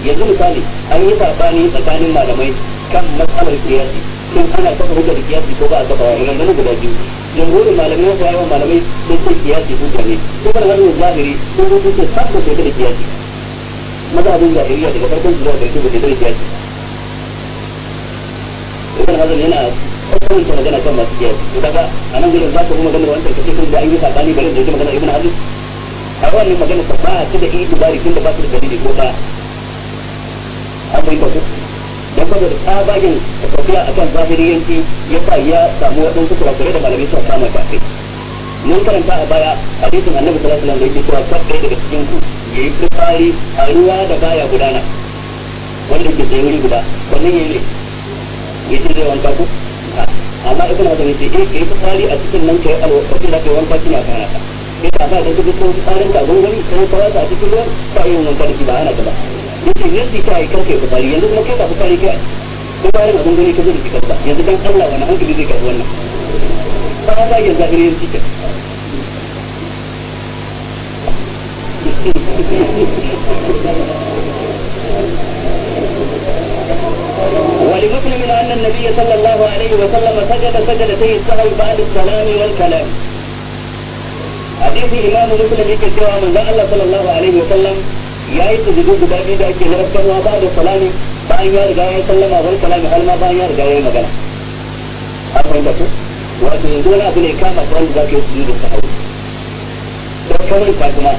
yanzu misali an yi sabani tsakanin malamai kan matsalar kiyasi shin ana kafa hujja da kiyasi ko ba a kafa wa nan guda biyu jamhurin malamai mafi yawan malamai sun ce kiyasi hujja ne ko kan hannun zahiri ko sun ce sabon bai da kiyasi mazhabin zahiriya daga farkon zuwa ga shi bai da kiyasi ibn hazm yana kun ta magana kan masu kiyar to kaga a nan gurin za ka kuma magana wancan kace kun da an yi sabani bare da magana ibnu hazm a wannan magana ta ba ta da itibari tun da ba ta da dalili ko ba an bai ta dan saboda tsabagen tafiya akan zahiriyanci ya sa ya samu waɗansu kurakurai da malamai suka kama ta kai mun karanta a baya hadisin annabi sallallahu alaihi wasallam da yake cewa kar daga cikin ku yayi fitsari a ruwa da baya gudana wanda ke tsaye wuri guda wannan yayi ne yace zai wanka ku ka amma ibn adam yace eh kai tsari a cikin nan kai alwaqafin da kai wanka ta ne aka ta ka kai da ba da ta ko fitsarin ka gungumi ko ta ka cikin ruwan ba yin wanka ta shi ba hana ka ba yace ta kai kar kai fitsari yanzu kuma kai ba fitsari kai ko bayan abin gani ka ta da fitar ba yanzu dan Allah ta hankali zai karbi wannan ba za ka ta yanzu cikin Thank you. ولمسلم أن النبي صلى الله عليه وسلم سجد سجدتي السهو بعد السلام والكلام حديث الإمام مسلم يكي سوى من الله صلى الله عليه وسلم يا يسجدوا قدامي دا كي نرسكوا بعد السلام بأن يرجع يسلم أول السلام هل ما بأن يرجع يمغنى أفهم بكو wato yanzu wani abu ne kama wanda za ka yi sujudu ta hau don kamar ta kuma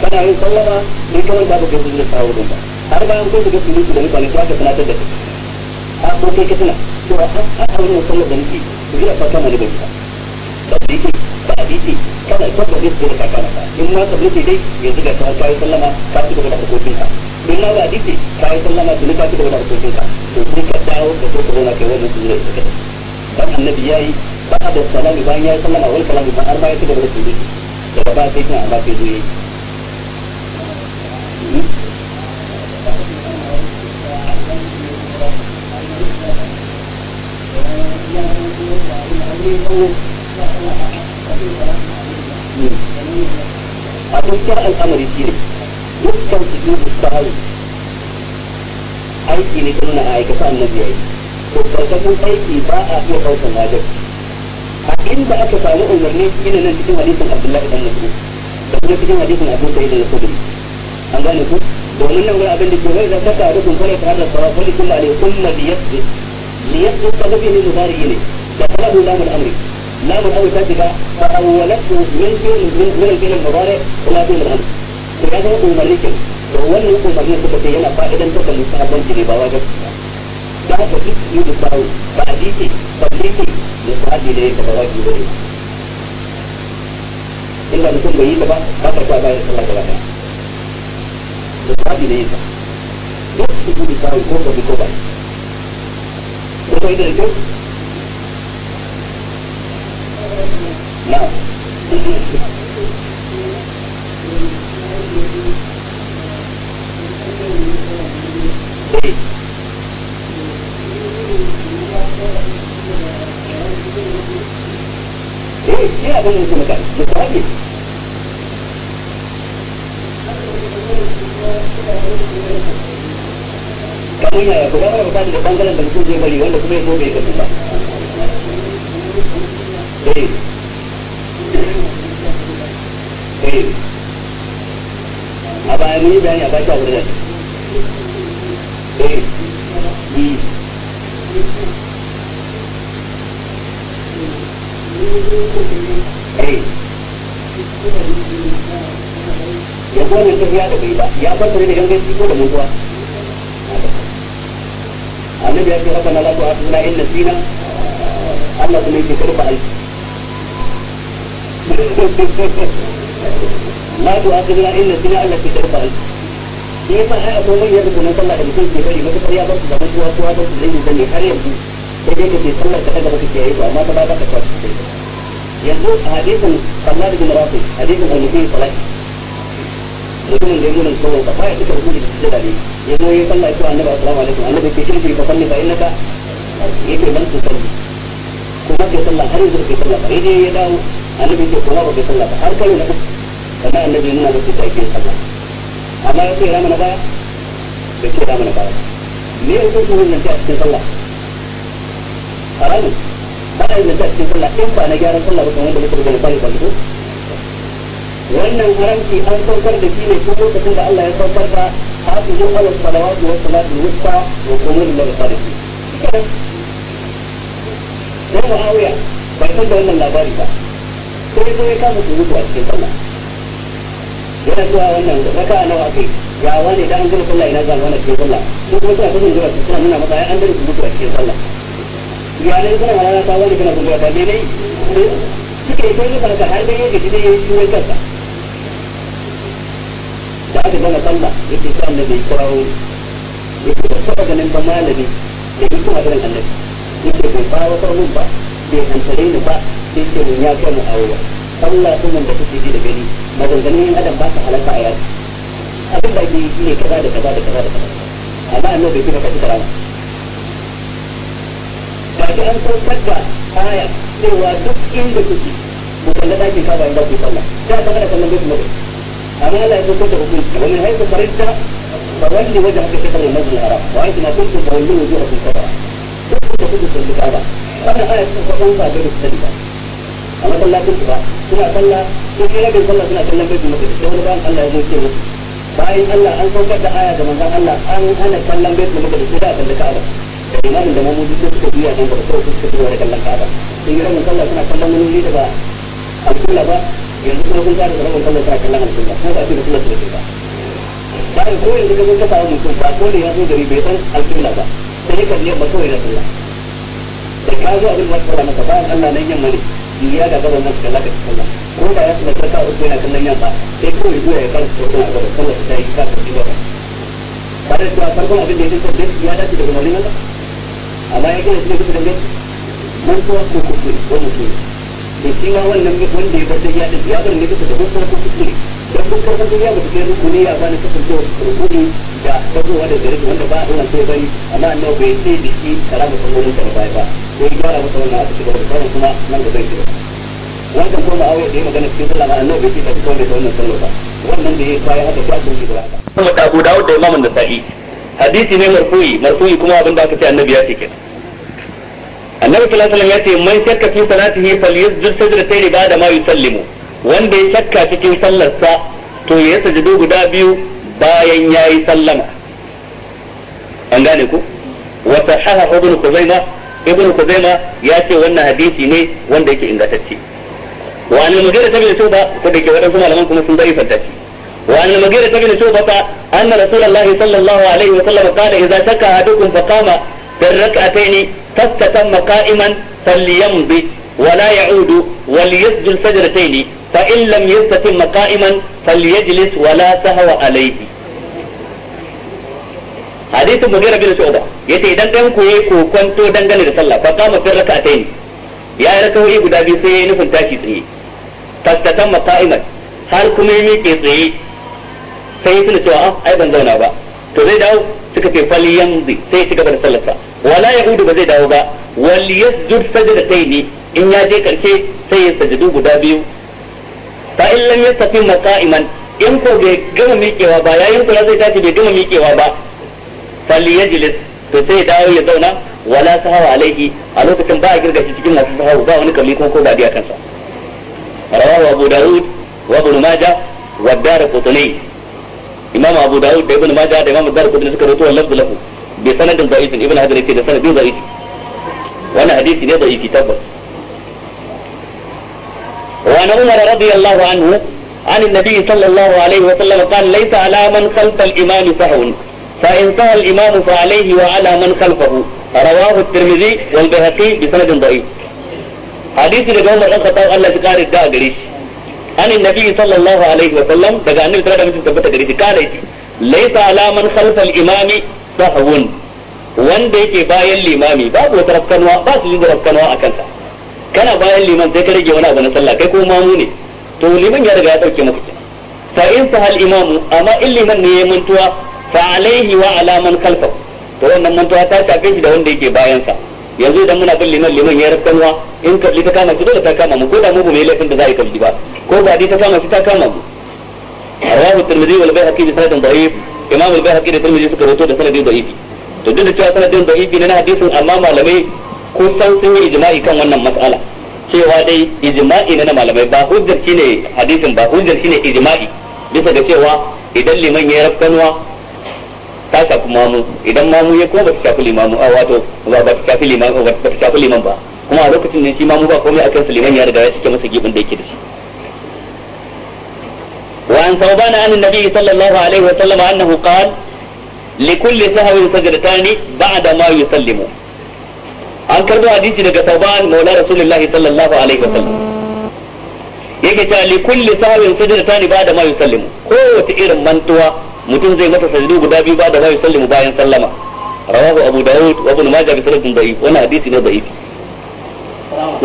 kana yin sallama ne kamar ta ba ka yi sujudu ta hau ba har bayan kun shiga su da mutane sai aka tunatar da a ko kai ka tuna to a a wannan sallar da nake ku zira a mai da bai ba da yake ba a yake kana tabbata da su da kana in ma ka dai ya ga ta kai sallama ka su gaba da harkokin ka in ma ba a ka yi sallama tuni ka su gaba da harkokin ka to kun ka dawo ka so ka zauna kai dan annabi yayi ba da salami bayan yayi sallama wal salami ba har ma ya gaba da surutu daga ba sai kan ba sai a gaskiyar al'amari shi ne dukkan su yi musawu aiki ne tun na aikata annabi ya yi to karkashin aiki ba a iya ɗaukan wajen a inda aka samu umarni shi ne nan cikin hadisin abdullahi dan mas'ud da kuma cikin hadisin abu sa'id al-khudri an gane ku domin nan wurin abin da ke wai da kasa rukun fara ta hada sawa kullu kullu alaihi umma liyasbi liyasbi sababi ne mudari ne فله لام الامر لام الامر كاتب فاولته من فعل من فعل الفعل المضارع ثلاثون الامر ثلاثة وقوم مريكا وولي وقوم مريكا فتينا قائدا فقط لتعبن جلي بواجب بعد فتيك يوجد بعض بعديتي فتيكي لتعبن جلي بواجب يوجد إلا نكون بيئة بقى ما تركوا بيئة الله تعالى لتعبن جلي بواجب يوجد بعض كوبا بكوبا وقوم مريكا na'am yana ganin yake da tsawage da bangaren da mutum zai bari wanda kuma ya zo bai gani ba eh eh a baya mun yi bayani a baki a wurin eh ya kuwa mai tafiya da bai ba ya fasare da gangan ko da mutuwa annabi ya ce rabbana la tu'akhidna in nasina Allah kuma yake karba aiki la [laughs] tu akiduna inna sina allati tarfa shi yasa ai akwai manyan rukunan sallah da mutum ke bari matukar ya ba su zaman tuwa tuwa ba su zai zane har yanzu sai dai kake sallar ka daga baka kiyaye ba amma ta ba ka kwaci sai yanzu a hadisin Allah da bin Rafi hadisin da mutum salati mutumin da ya nuna kawai ka baya duka rukuni da sujjada ne ya zo sallah ya ce annabi assalamu alaikum annabi ke shirki ka fanni ba innaka yake lan tusalli kuma ke sallah har yanzu ke sallah ba ya dawo annabi ce kuma ba kai sallah ba har karo na uku kuma annabi nuna musu ta yin sallah amma ya ce rama na baya da ce rama na baya me ya kusa wannan ta cikin sallah haramun ba a yi zanta cikin sallah in ba na gyaran sallah ba kamar wanda muka rubuta misali ba ko wannan haramci an saukar da shi ne ko lokacin da Allah ya saukar da hafizu ala salawatu wa salatu wusta wa qumul lil salati dan muawiya bai san da wannan labari ba sai zo ya kama surutu a cikin sallah yana zuwa wannan raka na kai ya wani da an gama sallah ina zama wannan cikin sallah ko kuma suna kusa zuwa suna nuna masa ai an gama surutu a cikin sallah ya ne suna magana ta wani kana zuwa ta ne ne suka yi sai haka har da yake da yake ciwon kansa da aka gama sallah yake sa annabi kirawo yake da sabaganin ba malami da yake maganar annabi yake bai ba wa sarmun ba bai hantare ni ba sai ce mun ya kai mu ba da kuke ji da gani maganganun yan adam ba su halatta a yaki abin da ake yi kaza da kaza da kaza da kaza amma annabi bai kuma kashi karama ba ta an saukar da aya cewa duk inda kuke mukalla ke kaba in ba ku sallah ta ta kada kallon bai kuma amma Allah ya saukar da hukunci wa min haythu faridta فولي وجهك شطر المسجد الحرام وحيث ما كنتم فولوا وجوهكم شطرا كنتم تقولوا في الكعبه wannan ana cikin kwakwalwa su ba a masallacin su ba suna sallah sai kai rabin sallah suna kallon bai kuma sai wani bayan Allah ya zo ce musu bayan Allah an saukar da aya da manzan Allah an hana kallon bai kuma sai da kallon Ka'aba da imamin da mamudu sai suka biya a gaba kawai suka da kallon Ka'aba sun yi rabin salla suna kallon wani da ba alƙulla ba yanzu kuma sun tsara da rabin sallah suna kallon alƙulla ko ba su da suna su da ba bayan ko yanzu ka zo ka samu mutum ba ko ne ya zo gari bai san alƙulla ba sai ka biya ba kawai na sallah ka zo abin wata wani ka bayan Allah nan yamma ne ya da gaban nan kalla ka sallah ko da ya tsaya ka uku yana kallon yamma sai kawai zuwa ya fara tsoro a gaban sallah ta yi ka tafi ba ba da cewa farkon abin da ya kanta da ya dace da umarnin Allah amma ya gina shi ne kusa da mun ko ko ko ko mutum to shi ma wannan wanda ya da ya da ya bar ne bisa da hukumar ko kuke dan kun ko da ya bada kai rukuni ya bani kasance rukuni da bazowa da gari wanda ba a dora sai bari amma annabi bai ce da shi karama sallolin sa ba ba ko ya fara masa wannan aka shiga da kuma nan da zai shiga wannan ko ma da ya magana cikin sallah annabi bai ce da kawo da wannan sallah ba wannan da ya bayan haka ta kun shiga haka kuma da Abu Dawud da Imam Nasa'i hadisi ne marfu'i marfu'i kuma abin da aka ce annabi ya ce kenan annabi sallallahu alaihi wasallam ya ce man shakka fi salatihi falyasjud sajdatayn ba'da ma yusallimu wanda ya shakka cikin sallarsa to ya sujudu guda biyu bayan yayi sallama an gane ku wa sahaha ibn kuzaima ibn kuzaima ya ce wannan hadisi ne wanda yake ingantacce wa an mugira ta bin shuba ko da ke wadansu malaman kuma sun bari fanta wa an mugira ta bin shuba ta anna rasulullahi sallallahu alaihi wasallam qala idza shakka ahadukum faqama بالركعتين فاستتم قائما فليمضي ولا يعود وليسجد سجدتين فإن لم يستتم قائما فليجلس ولا سهو عليه hadisin mugira bin shu'ba yace idan dan ku yayi kokonto dangane da sallah fa kama fi rak'atayn ya yi rak'o'i guda biyu sai yi nufin tashi tsaye fastatan qa'iman har kuma yi miƙe tsaye sai yi tuna cewa ah, ai ban zauna ba to zai dawo suka ce fal yanzu sai ya ci gaba da sallarsa wala hudu ba zai dawo ba wal yasjud sajdatayn in ya je karshe sai ya sajadu guda biyu fa in lam yastati maqa'iman in ko bai gama miƙewa ba yayin kula zai tashi bai gama miƙewa ba yajlis to sai ya dawo ya zauna wala sahawa alaihi a lokacin ba a girga shi cikin masu sahawa ba wani kalli ko ba a kansa rawahu abu daud wa ibn majah wa dar qutni imam abu daud da ibn majah da imam dar qutni suka rawaito wannan lafzu بسند ضعيف ابن هذا الكتاب سند ضعيف وانا حديثي ليه ضعيف كتاب وانا عمر رضي الله عنه عن النبي صلى الله عليه وسلم قال ليس على من خلف الامام سهو فان سهى الامام فعليه وعلى من خلفه رواه الترمذي والبهقي بسند ضعيف حديث لجوم الخطاب قال لك قال الداء قريش عن النبي صلى الله عليه وسلم دقى عن الثلاثة من ثبت قريش قال ليس على من خلف الامام sahwun wanda yake bayan limami babu wata rafkanwa ba su jin rafkanwa a kansa kana bayan liman sai ka rage wani abu na sallah kai ko mamu ne to liman ya riga ya dauke maka kenan fa in sahal imamu amma in liman ne ya mantuwa fa alaihi wa ala man khalfahu to wannan mantuwa ta shafe shi da wanda yake bayan sa yanzu idan muna bin liman liman ya rafkanwa in ka ta kama shi dole ta kama mu ko da mu ba mai laifin da za a yi kalli ba ko ba dai ta kama shi ta kama mu rawahu tirmidhi wal bayhaqi bi sanadin da'if imam al-bayhaqi da tirmidhi suka rawaito da sanadin da'ifi to duk da cewa sanadin da'ifi ne na hadisin amma malamai kusan sun yi ijma'i kan wannan mas'ala cewa dai ijma'i ne na malamai ba hujjar shine hadisin ba hujjar shine ijma'i bisa ga cewa idan liman ya rafkanwa ta shafi mamu idan mamu ya koma ba ta shafi limamu a wato ba ta shafi liman ba ta shafi liman ba kuma a lokacin ne shi mamu ba komai akan su liman ya riga ya cike masa gibin da yake da shi وعن ثوبان عن النبي صلى الله عليه وسلم أنه قال لكل سهو سجدتان بعد ما يسلم an karbo hadisi daga sauban maula rasulullahi sallallahu alaihi wasallam yake ta li kulli sahwin sujudatani ba'da ma yusallimu ko wata irin mantuwa mutum zai masa sajdu guda biyu ba'da ma yusallimu bayan sallama rawahu abu daud wa ibn majah bi sanadin da'if wannan hadisi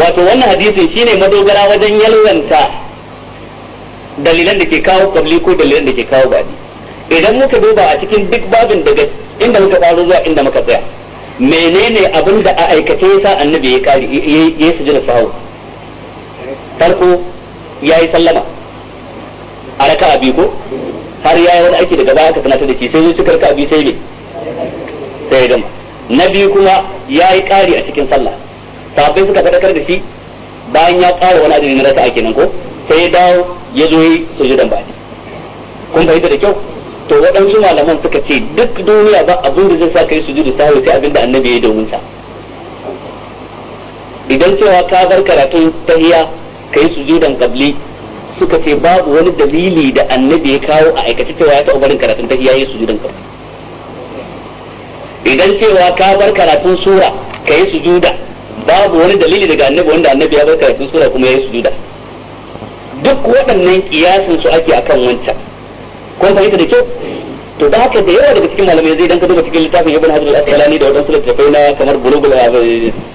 wato wannan hadisin shine madogara wajen yalwanta dalilan da ke kawo kabli ko dalilan da ke kawo gadi idan muka duba a cikin duk babin daga inda muka tsaro zuwa inda muka tsaya menene abin da a aikace yasa annabi ya kare ya jira sahu farko yi sallama a raka biyu ko har yi wani aiki daga baya ka tana da shi sai suka raka'a biyu sai ne sai ya na biyu kuma yi kari a cikin sallah sabbin suka fadakar da shi bayan ya tsara wani adini na rasa a kenan ko sai ya dawo ya zo yi sujudan ba kun fahimta da kyau to waɗansu malaman suka ce duk duniya ba abin da zai sa kai sujudu sahwi sai abin da annabi ya yi domin sa idan cewa ka bar karatun tahiya kai sujudan qabli suka ce babu wani dalili da annabi ya kawo a aikace cewa ya taɓa barin karatun tahiya ya yi sujudan qabli idan cewa ka bar karatun sura kai sujuda babu wani dalili daga annabi wanda annabi ya bar karatun sura kuma ya yi sujuda duk waɗannan kiyasin su ake akan wancan kun fahimta da kyau to da haka da yawa daga cikin malamai zai dan ka duba cikin littafin ibn hajar al-asqalani da wadansu littafai na kamar bulugul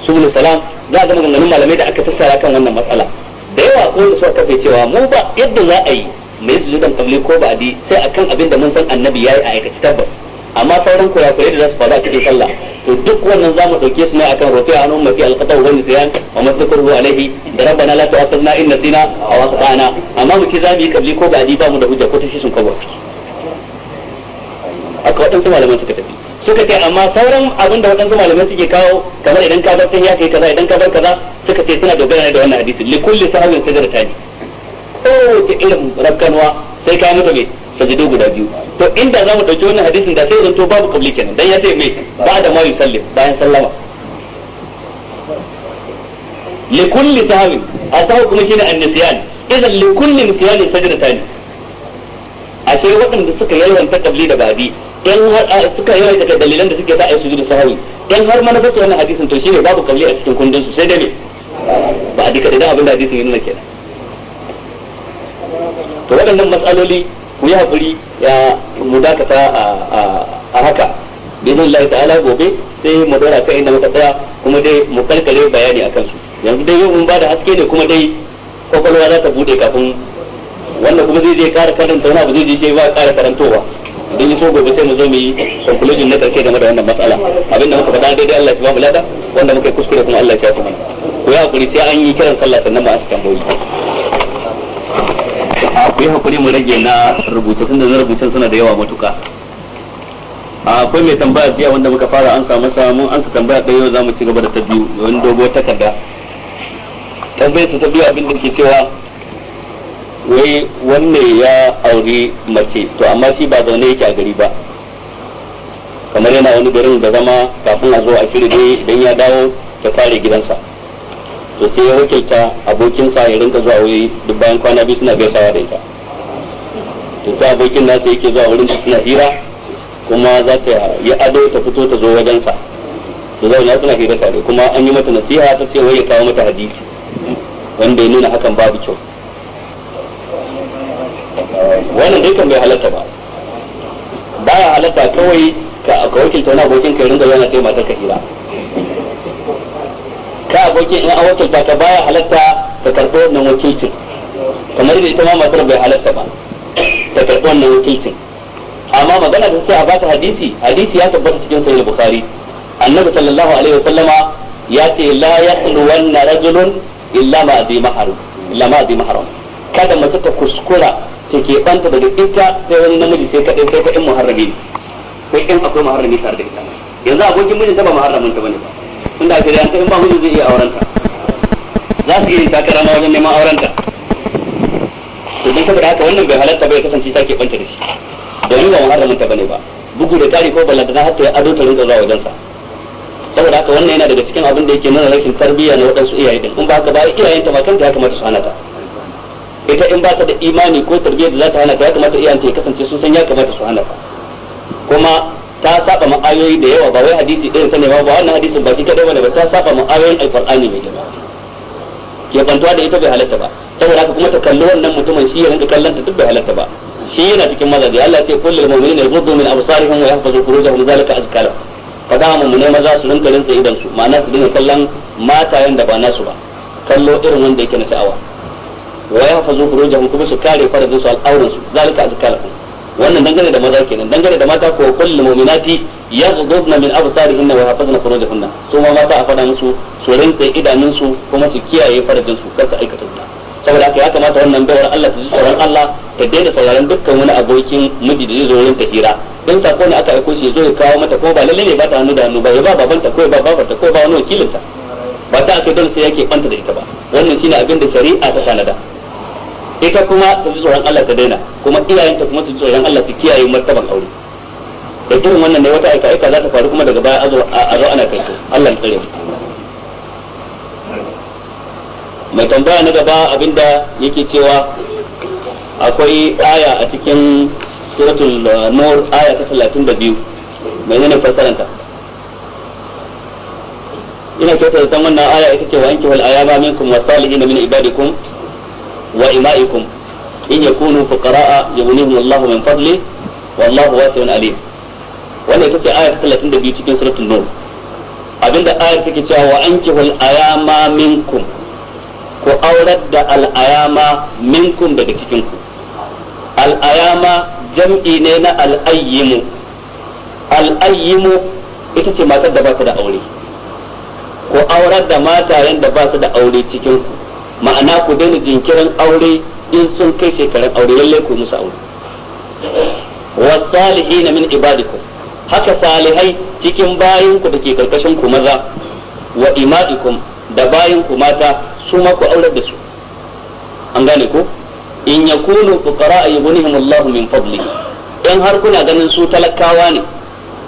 subul salam za ga maganganun malamai da aka tattara kan wannan matsala da yawa ko su aka kafe cewa mu ba yadda za a yi mai zuwa dan kabli ko ba di sai akan abin da mun san annabi yayi a aikace tabbas amma sauran kurakurai da za su faɗa cikin sallah to duk wannan zamu dauke su ne akan rufi'a an ummati alqata wa nisyan wa madhkuru alaihi da rabbana la tu'akhidna in nasina aw akhtana amma muke ce za yi kabli ko gadi ba mu da hujja ko ta shi sun kawo aka wadansu malaman suka tafi suka ce amma sauran abin da wadansu malaman suke kawo kamar idan ka bar sun ya kai kaza idan ka bar kaza suka ce suna dogara ne da wannan hadisi li kulli sahabin sajara tani ko ta irin rakkanwa sai ka mutu mai sajidai guda biyu to inda za mu ɗauki wannan hadisin da sai zanto babu kabli kenan dan ya ce mai ba da ma yusallim bayan sallama li kulli sahabi asahu kuma shine annisiyan idan li kulli nisyan sajdatan ashe waɗanda suka yalwanta kabli da ba'di in har suka yawa daga dalilan da suke sa a sujudu sahawi in har manufarsu wannan hadisin to shine babu kabli a cikin kundin su sai dai ba a dika da abin da hadisin yana kenan to waɗannan matsaloli ku yi hakuri ya mu dakata a haka bidin ta ta'ala gobe sai mu dora kai inda muka tsaya kuma dai mu karkare bayani akan su yanzu dai yau mun ba da haske ne kuma dai kwakwalwa za ta bude kafin wannan kuma zai je kara karanta wani abu zai je ba kara karantowa don yi so gobe sai mu zo mu yi conclusion na karshe game da wannan matsala abinda muka faɗa daidai Allah ya ba mu lada wanda muka yi kuskure kuma Allah ya shafi mana ku yi hakuri sai an yi kiran sallah sannan ba a cikin akwai ku yi hakuri mu rage na rubutu tunda na rubutun suna da yawa matuka akwai mai tambaya biya wanda muka fara an samu samu an tambaya ɗaya yau zamu ci gaba da ta biyu wani dogo takarda tambayar ta biyu abin da ke cewa wai wanne ya auri mace to amma shi ba zaune yake a gari ba kamar yana wani garin da zama kafin a zo a dai idan ya dawo ta fare gidansa to sai ya wakilta abokin sa ya rinka zuwa wuri duk bayan kwana biyu suna gaisawa da ita to sai abokin nasa yake zuwa wurin da suna hira kuma za ta yi ado ta fito ta zo wajen sa to zauna suna hira tare kuma an yi mata nasiha ta ce wai ya kawo mata hadisi wanda ya nuna hakan babu kyau wannan dai kan bai halatta ba baya halatta kawai ka wakilta wani abokin ka rinka yana kai matar ka hira ta abokin in an wakilta ta baya halatta ta karɓi wannan wakilcin kamar da ita ma matar bai halatta ba ta karɓi wannan wakilcin amma magana da sai a bata hadisi hadisi ya tabbata cikin sahih bukhari annabi sallallahu alaihi wasallama ya ce la yahluwanna rajulun illa ma bi mahram illa ma bi mahram kada mace ta kuskura ta ke banta daga ita sai wani namiji sai kadai sai kadai muharrami sai in akwai muharrami tare da ita yanzu abokin mijinta ba muharramin ta bane ba tunda a ta in ba hujja zai iya auren ta za su iya takara na wajen neman auren ta to dan saboda haka wannan bai halatta bai kasance ta ke banta da shi domin ba muharramin ta bane ba bugu da tari ko balla da hatta ya ado ta rinka zuwa wajen sa saboda haka wannan yana daga cikin abin da yake nuna rashin tarbiyya na waɗansu iyaye din in ba haka ba iyayenta ba kanta ya kamata su hana ta ita in ba ta da imani ko tarbiyya da za ta hana ta ya kamata ta ya kasance sun san ya kamata su hana ta kuma ta saba mu ayoyi da yawa ba wai hadisi ɗin sane ba ba wannan hadisin ba shi kadai bane ba ta saba mu ayoyin alqur'ani mai girma ke kwantuwa da ita bai halatta ba saboda haka kuma ta kalli wannan mutumin shi ya rinka kallon ta duk bai halatta ba shi yana cikin mazaji Allah ya ce kullul mu'minina yaghuddu min absarihim wa yahfazu furujahum zalika azka lahum da mu ne maza su rinka rinka idan su ma'ana su dinga kallon matayen da ba nasu ba kallo irin wanda yake na sha'awa wa yahfazu furujahum kuma su kare farajin su al'auran su zalika azka lahum wannan dangane da maza kenan dangane da mata ko kullu mu'minati yaghdudna min absarihin wa yahfazna furujahunna su ma mata a fada musu su rinka idanun su kuma su kiyaye farajin su kar su aikata ta saboda haka ya kamata wannan bayar Allah ta ji tsoron Allah ta daina sauraron dukkan wani abokin miji da zai zo ta hira dan sako ne aka aiko shi zo ya kawo mata ko ba lalle ne ba ta hannu da hannu ba ya ba babanta ko ba ta ko ba wani ta ba ta aka don sai yake banta da ita ba wannan shine abin da shari'a ta sanada ita kuma ta ji tsoron Allah ta daina kuma iyayenta kuma su tsoron Allah su kiyaye martaban aure da irin wannan ne wata aika aika za ta faru kuma daga baya a zo ana kai Allah ya tsare mai tambaya na gaba abinda yake cewa akwai aya a cikin suratul uh, nur aya ta 32 menene fasaranta ina kyautar san wannan aya ita ce wa anki wal ayama minkum wasalihin min ibadikum وإمائكم إن يكونوا فقراء يغنيهم الله من فضله والله واسع عليم wannan ita ce ayar 32 cikin suratul nur abinda ayar take cewa wa ankihul ayama minkum ku aurar da al'ayama minkum daga cikin ku al'ayama jam'i ne na al al'ayyimu ita ce matar da ba ta da aure ku aurar da matayen da ba su da aure cikin ku ma'ana ku daina jinkirin aure in sun kai shekarun aure lalle ku musu aure wasalihina min ibadikum haka salihai cikin bayin da ke karkashin ku maza wa imadikum da ku mata su ma ku aurar da su an gane ko in yakunu fuqara yughnihim Allahu min fadli in har kuna ganin su talakawa ne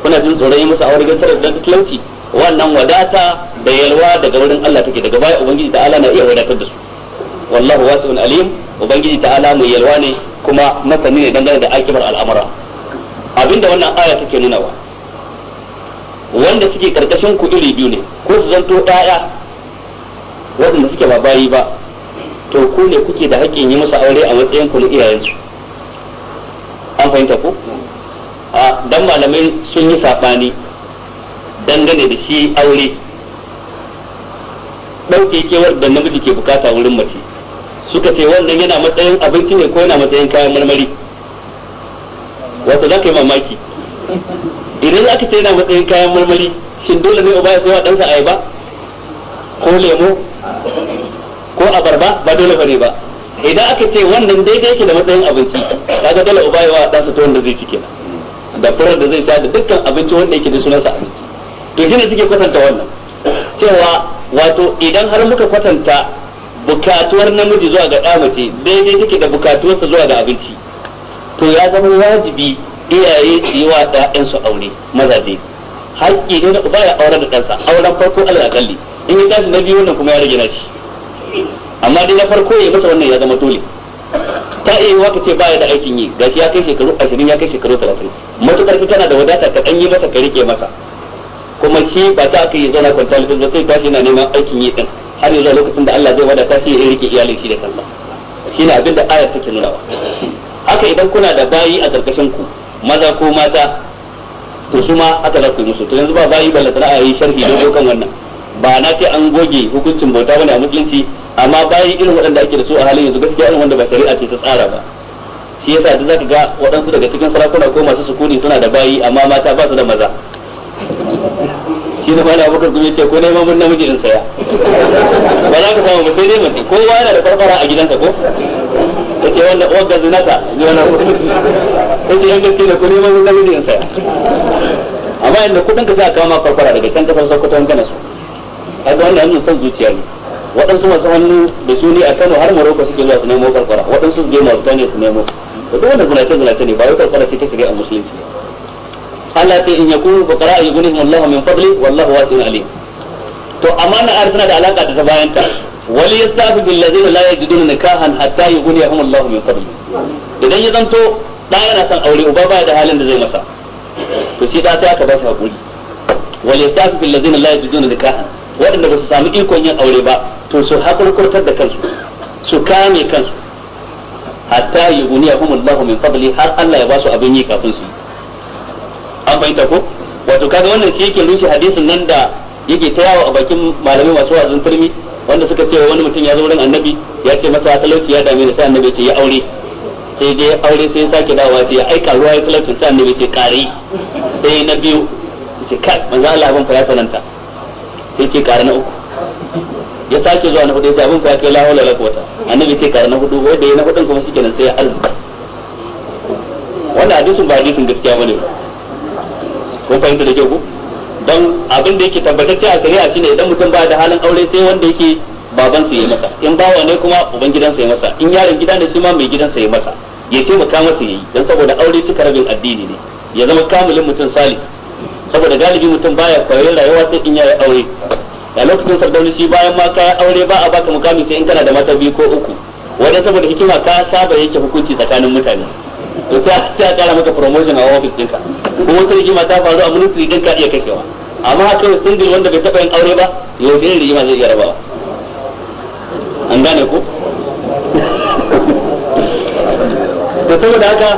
kuna jin tsoron yi musu aure gantar da talauci wannan wadata da yalwa daga wurin Allah take daga baya ubangiji da Allah na iya wadatar da su wallahu wasi'un alim ubangiji ta'ala mai yalwa ne kuma masani ne dangane da akibar al'amura abinda wannan aya take nunawa wanda suke karkashin ku iri biyu ne ko su zanto suke ba bayi ba to ku ne kuke da haƙƙin yi musu aure a matsayin ku na iyayensu an fahimta ku a dan malamai sun yi sabani dangane da shi aure ɗauke kewar da namiji ke bukata wurin mace suka ce wannan yana matsayin abinci ne ko yana matsayin kayan marmari wato za ka yi mamaki idan za ka ce yana matsayin kayan marmari shin dole ne uba ya sayo ɗansa ayaba ko lemo ko abarba ba dole bane ba idan aka ce wannan daidai yake da matsayin abinci kaga dole uba ya wa ɗansa to wanda zai ci kenan da furar da zai sha da dukkan abinci wanda yake da sunansa abinci to shine suke kwatanta wannan cewa wato idan har muka kwatanta bukatuwar namiji zuwa ga ɗamace daidai take da bukatuwarsa zuwa ga abinci to ya zama wajibi iyaye su yi wa su aure mazaje haƙƙi ne na uba ya aure da ɗansa auren farko alal akalli in ya tashi na biyu wannan kuma ya rage na shi amma dai na farko ya masa wannan ya zama dole ta iya yiwa ce baya da aikin yi gashi ya kai shekaru ashirin ya kai shekaru talatin matukar ki tana da wadata ka ɗan yi masa ka rike masa kuma shi ba ta aka yi zana kwanta mutum ba sai tashi na neman aikin yi ɗin har yanzu lokacin da Allah zai wadata shi ya rike iyalin shi da kansa ne abin da ayar take nuna haka idan kuna da bayi a karkashin ku maza ko mata to su ma aka za ku yi musu to yanzu ba bayi balla da ra'ayi sharhi da kan wannan ba na ce an goge hukuncin bauta bane a musulunci amma bayi irin waɗanda ake da su a halin yanzu gaskiya irin wanda ba shari'a ce ta tsara ba shi yasa da zaka ga waɗansu daga cikin sarakuna ko masu sukuni suna da bayi amma mata ba su da maza shi da bala abokan kuma yace ko neman mun namiji in saya ba za ka samu ba sai dai mace kowa yana da farfara a gidanka ko yace wannan uwar zinata ne wannan yace yan gaske da ko neman mun namiji in saya amma inda kudin ka za ka kama farfara daga can kasar Sokoto an gana su kaga wannan yanzu son zuciya ne waɗansu masu hannu da su ne a Kano har Morocco suke zuwa su nemo farfara waɗansu su je Mauritania su nemo to duk wannan zinace zinace ne ba wai farfara ce ta a musulunci ba Allah sai in yakunu fuqara yughnihim Allahu min fadli wallahu wasi'un alim to amana ayar tana da alaka da ta bayan ta wali yastafi bil ladina la yajiduna nikahan hatta yughnihum Allahu min fadli idan ya zanto da yana san aure uba baya da halin da zai masa to shi da sai aka ba shi hakuri wali yastafi bil ladina la yajiduna nikahan waɗanda ba su samu ikon yin aure ba to su hakurkurtar da kansu su kame kansu hatta yughnihum Allahu min fadli har Allah ya ba su abin yi kafin su an fahimta ko wato kaga wannan shi yake rushe hadisin nan da yake ta yawo a bakin malamai masu wa'azin turmi wanda suka ce wani mutum ya zo wurin annabi ya ce masa talauci ya dame da sai annabi ce ya aure sai dai aure sai sake dawowa sai ya aika ruwa ya talauci sai annabi ce kare sai na biyu ce kai manzo Allah abin fa ya sananta sai ce kare na uku ya sake zuwa na hudu sai abin fa ya kai la hawla wala quwwata annabi ce kare na hudu wanda ya na hudun kuma shikenan sai ya arzika wannan hadisin ba hadisin gaskiya bane ba kun fahimta da ke ku dan abin da yake tabbatacce a shari'a shine idan mutum ba da halin aure sai wanda yake baban su yi masa in bawa ne kuma uban sa ya masa in yaron gida ne shi ma mai sa yi masa ya taimaka masa yayi dan saboda aure cika rabin addini ne ya zama kamulin mutum salih saboda galibi mutum baya koyon rayuwa sai in yayi aure a lokacin sardauni shi bayan ma kayan aure ba a baka mukami sai in kana da mata biyu ko uku wanda saboda hikima ka saba yake hukunci tsakanin mutane to sai ta kara maka promotion a office ɗinka ko wata rigima ta faru a ministry ɗinka iya kashewa amma haka single wanda bai taɓa yin aure ba yau ne rigima zai iya rabawa an gane ko [laughs] to saboda haka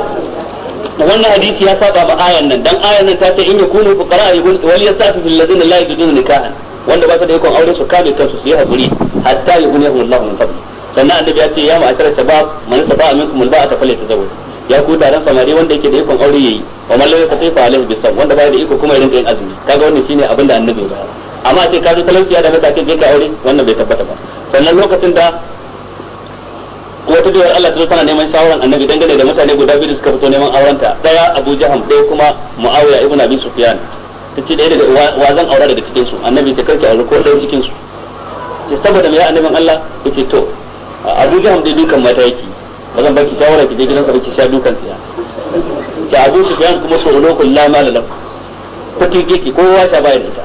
wannan hadisi ya saba ba ayan nan dan ayan nan ta ce in yakunu fuqara yakun wal yastafi fil ladina la yajiduna nikahan wanda ba su da yakon aure su kame kansu su yi hakuri hatta yuhnihum Allahu min fadli sannan annabi ya ce ya ma'asara shabab man safa minkum al ba'a fa liyatazawwaj ya ku taron samari wanda yake da ikon aure yayi wa mallaka lam yastati fa alaihi bisab wanda bai da iko kuma irin kai azumi kaga wannan shine abin da annabi ya amma sai ka zo talauciya da matakin je ka aure wannan bai tabbata ba sannan lokacin da wata da Allah ta tana neman shawaran annabi dangane da mutane guda biyu da suka fito neman aurenta daya Abu Jaham daya kuma Muawiya ibn Abi Sufyan tace daya daga wa zan aura daga cikin su annabi ta karki aure ko daya cikin su saboda mai annabin Allah yace to Abu Jahm dai dukan mata yake ba zan baki shawara ki je gidan sa ki sha dukan tsiya ki abu shi bayan kuma so ulo kullu ma lalam ko ki ki kowa sha bayar da ta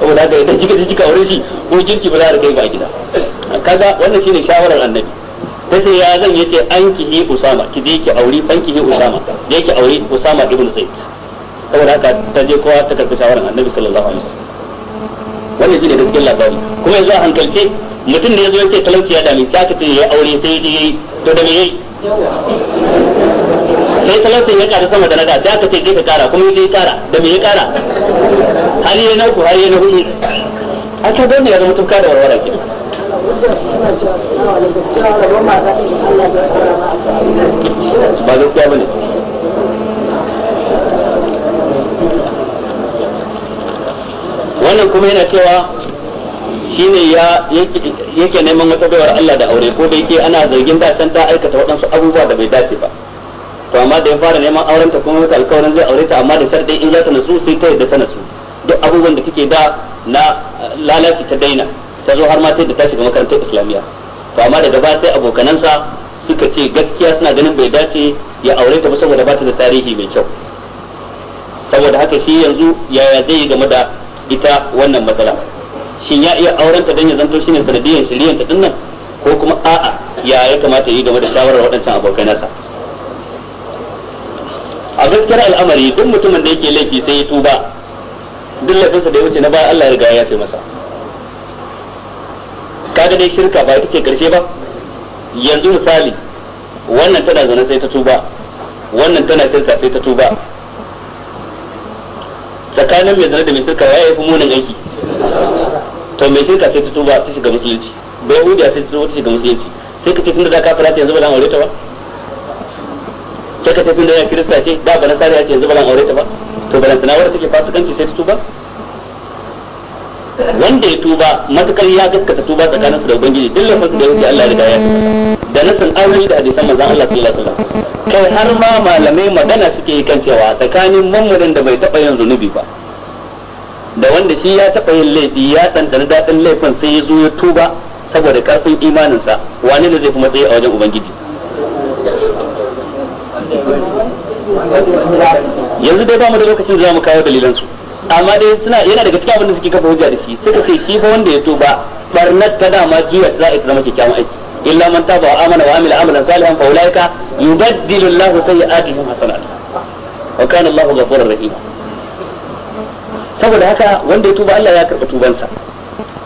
haka idan da je kika aure shi ko kirki ba za ka kai ba gida kaga wannan shine shawaran annabi sai ya zan yace an ni usama ki je ki aure ki ni usama da yake aure usama ibn zaid saboda haka ta je kowa ta karbi shawaran annabi sallallahu alaihi wasallam wannan shine gaskiyar labari kuma yanzu a hankalce mutum da ya zo ya ce talauci ya dami sai aka ce ya aure sai ya yi to da me yayi sai talaucin ya kara sama da na da sai aka ce je ka kara kuma ya kara da me ya kara har yi na uku har yi na hudu a ce dole ya zama tuka da warwara ke ba gaskiya bane wannan kuma yana cewa shine ya yake neman wata Allah da aure ko da yake ana zargin da san ta aikata waɗansu abubuwa da bai dace ba to amma da ya fara neman auren ta kuma wata alƙawarin zai aure ta amma da sharɗi in za ta nasu sai ta yadda ta nasu duk abubuwan da kake da na lalaci ta daina ta zo har ma sai da ta shiga makarantar islamiyya to amma da gaba sai abokanansa suka ce gaskiya suna ganin bai dace ya aure ta ba saboda ba ta da tarihi mai kyau saboda haka shi yanzu yaya zai yi game da ita wannan matsala shin ya iya auren ta dan ya zanto shine sanadiyar shiriyan ta dinnan ko kuma a'a ya ya kamata yi game da shawarar waɗancan abokai nasa a gaskiyar al'amari duk mutumin da yake laifi sai ya tuba duk laifinsa da ya wuce na baya Allah ya riga ya sai masa kaga dai shirka ba take karshe ba yanzu misali wannan tana zaune sai ta tuba wannan tana shirka sai ta tuba tsakanin mai zana da mai shirka ya yi fi munin aiki to sai shirka sai ta tuba ta shiga musulunci bai hudiya sai ta tuba ta shiga musulunci sai ka ce tun da ka fara yanzu ba zan aure ta ba sai ka ce tun da ya kirista ce da ba nasara ya ce yanzu ba zan aure ta ba to ba lantana wara take fasikanci sai ta tuba wanda ya tuba matukar ya gaskata tuba tsakanin su da ubangiji duk lafazin da yake Allah ya riga ya da nasan aure da hadisan manzon Allah sallallahu alaihi wasallam kai har ma malamai magana suke yi kan cewa tsakanin mamurin da bai taba yin zunubi ba da wanda shi ya taɓa yin laifi ya tantana daɗin laifin sai ya zo ya tuba saboda ƙarfin imaninsa wane ne zai kuma tsaye a wajen ubangiji yanzu dai ba mu da lokacin da za mu kawo dalilansu amma dai suna yana daga cikin abin da suke kafa hujja da shi suka ce shi fa wanda ya tuba barnat ta dama jiya za a zama kyakkyawan aiki illa man taba wa amana wa amila amalan salihan fa ulaika yubaddilu Allahu sayyi'atihim hasanat wa kana Allahu ghafurur rahim saboda haka wanda ya tuba Allah ya karɓa tubansa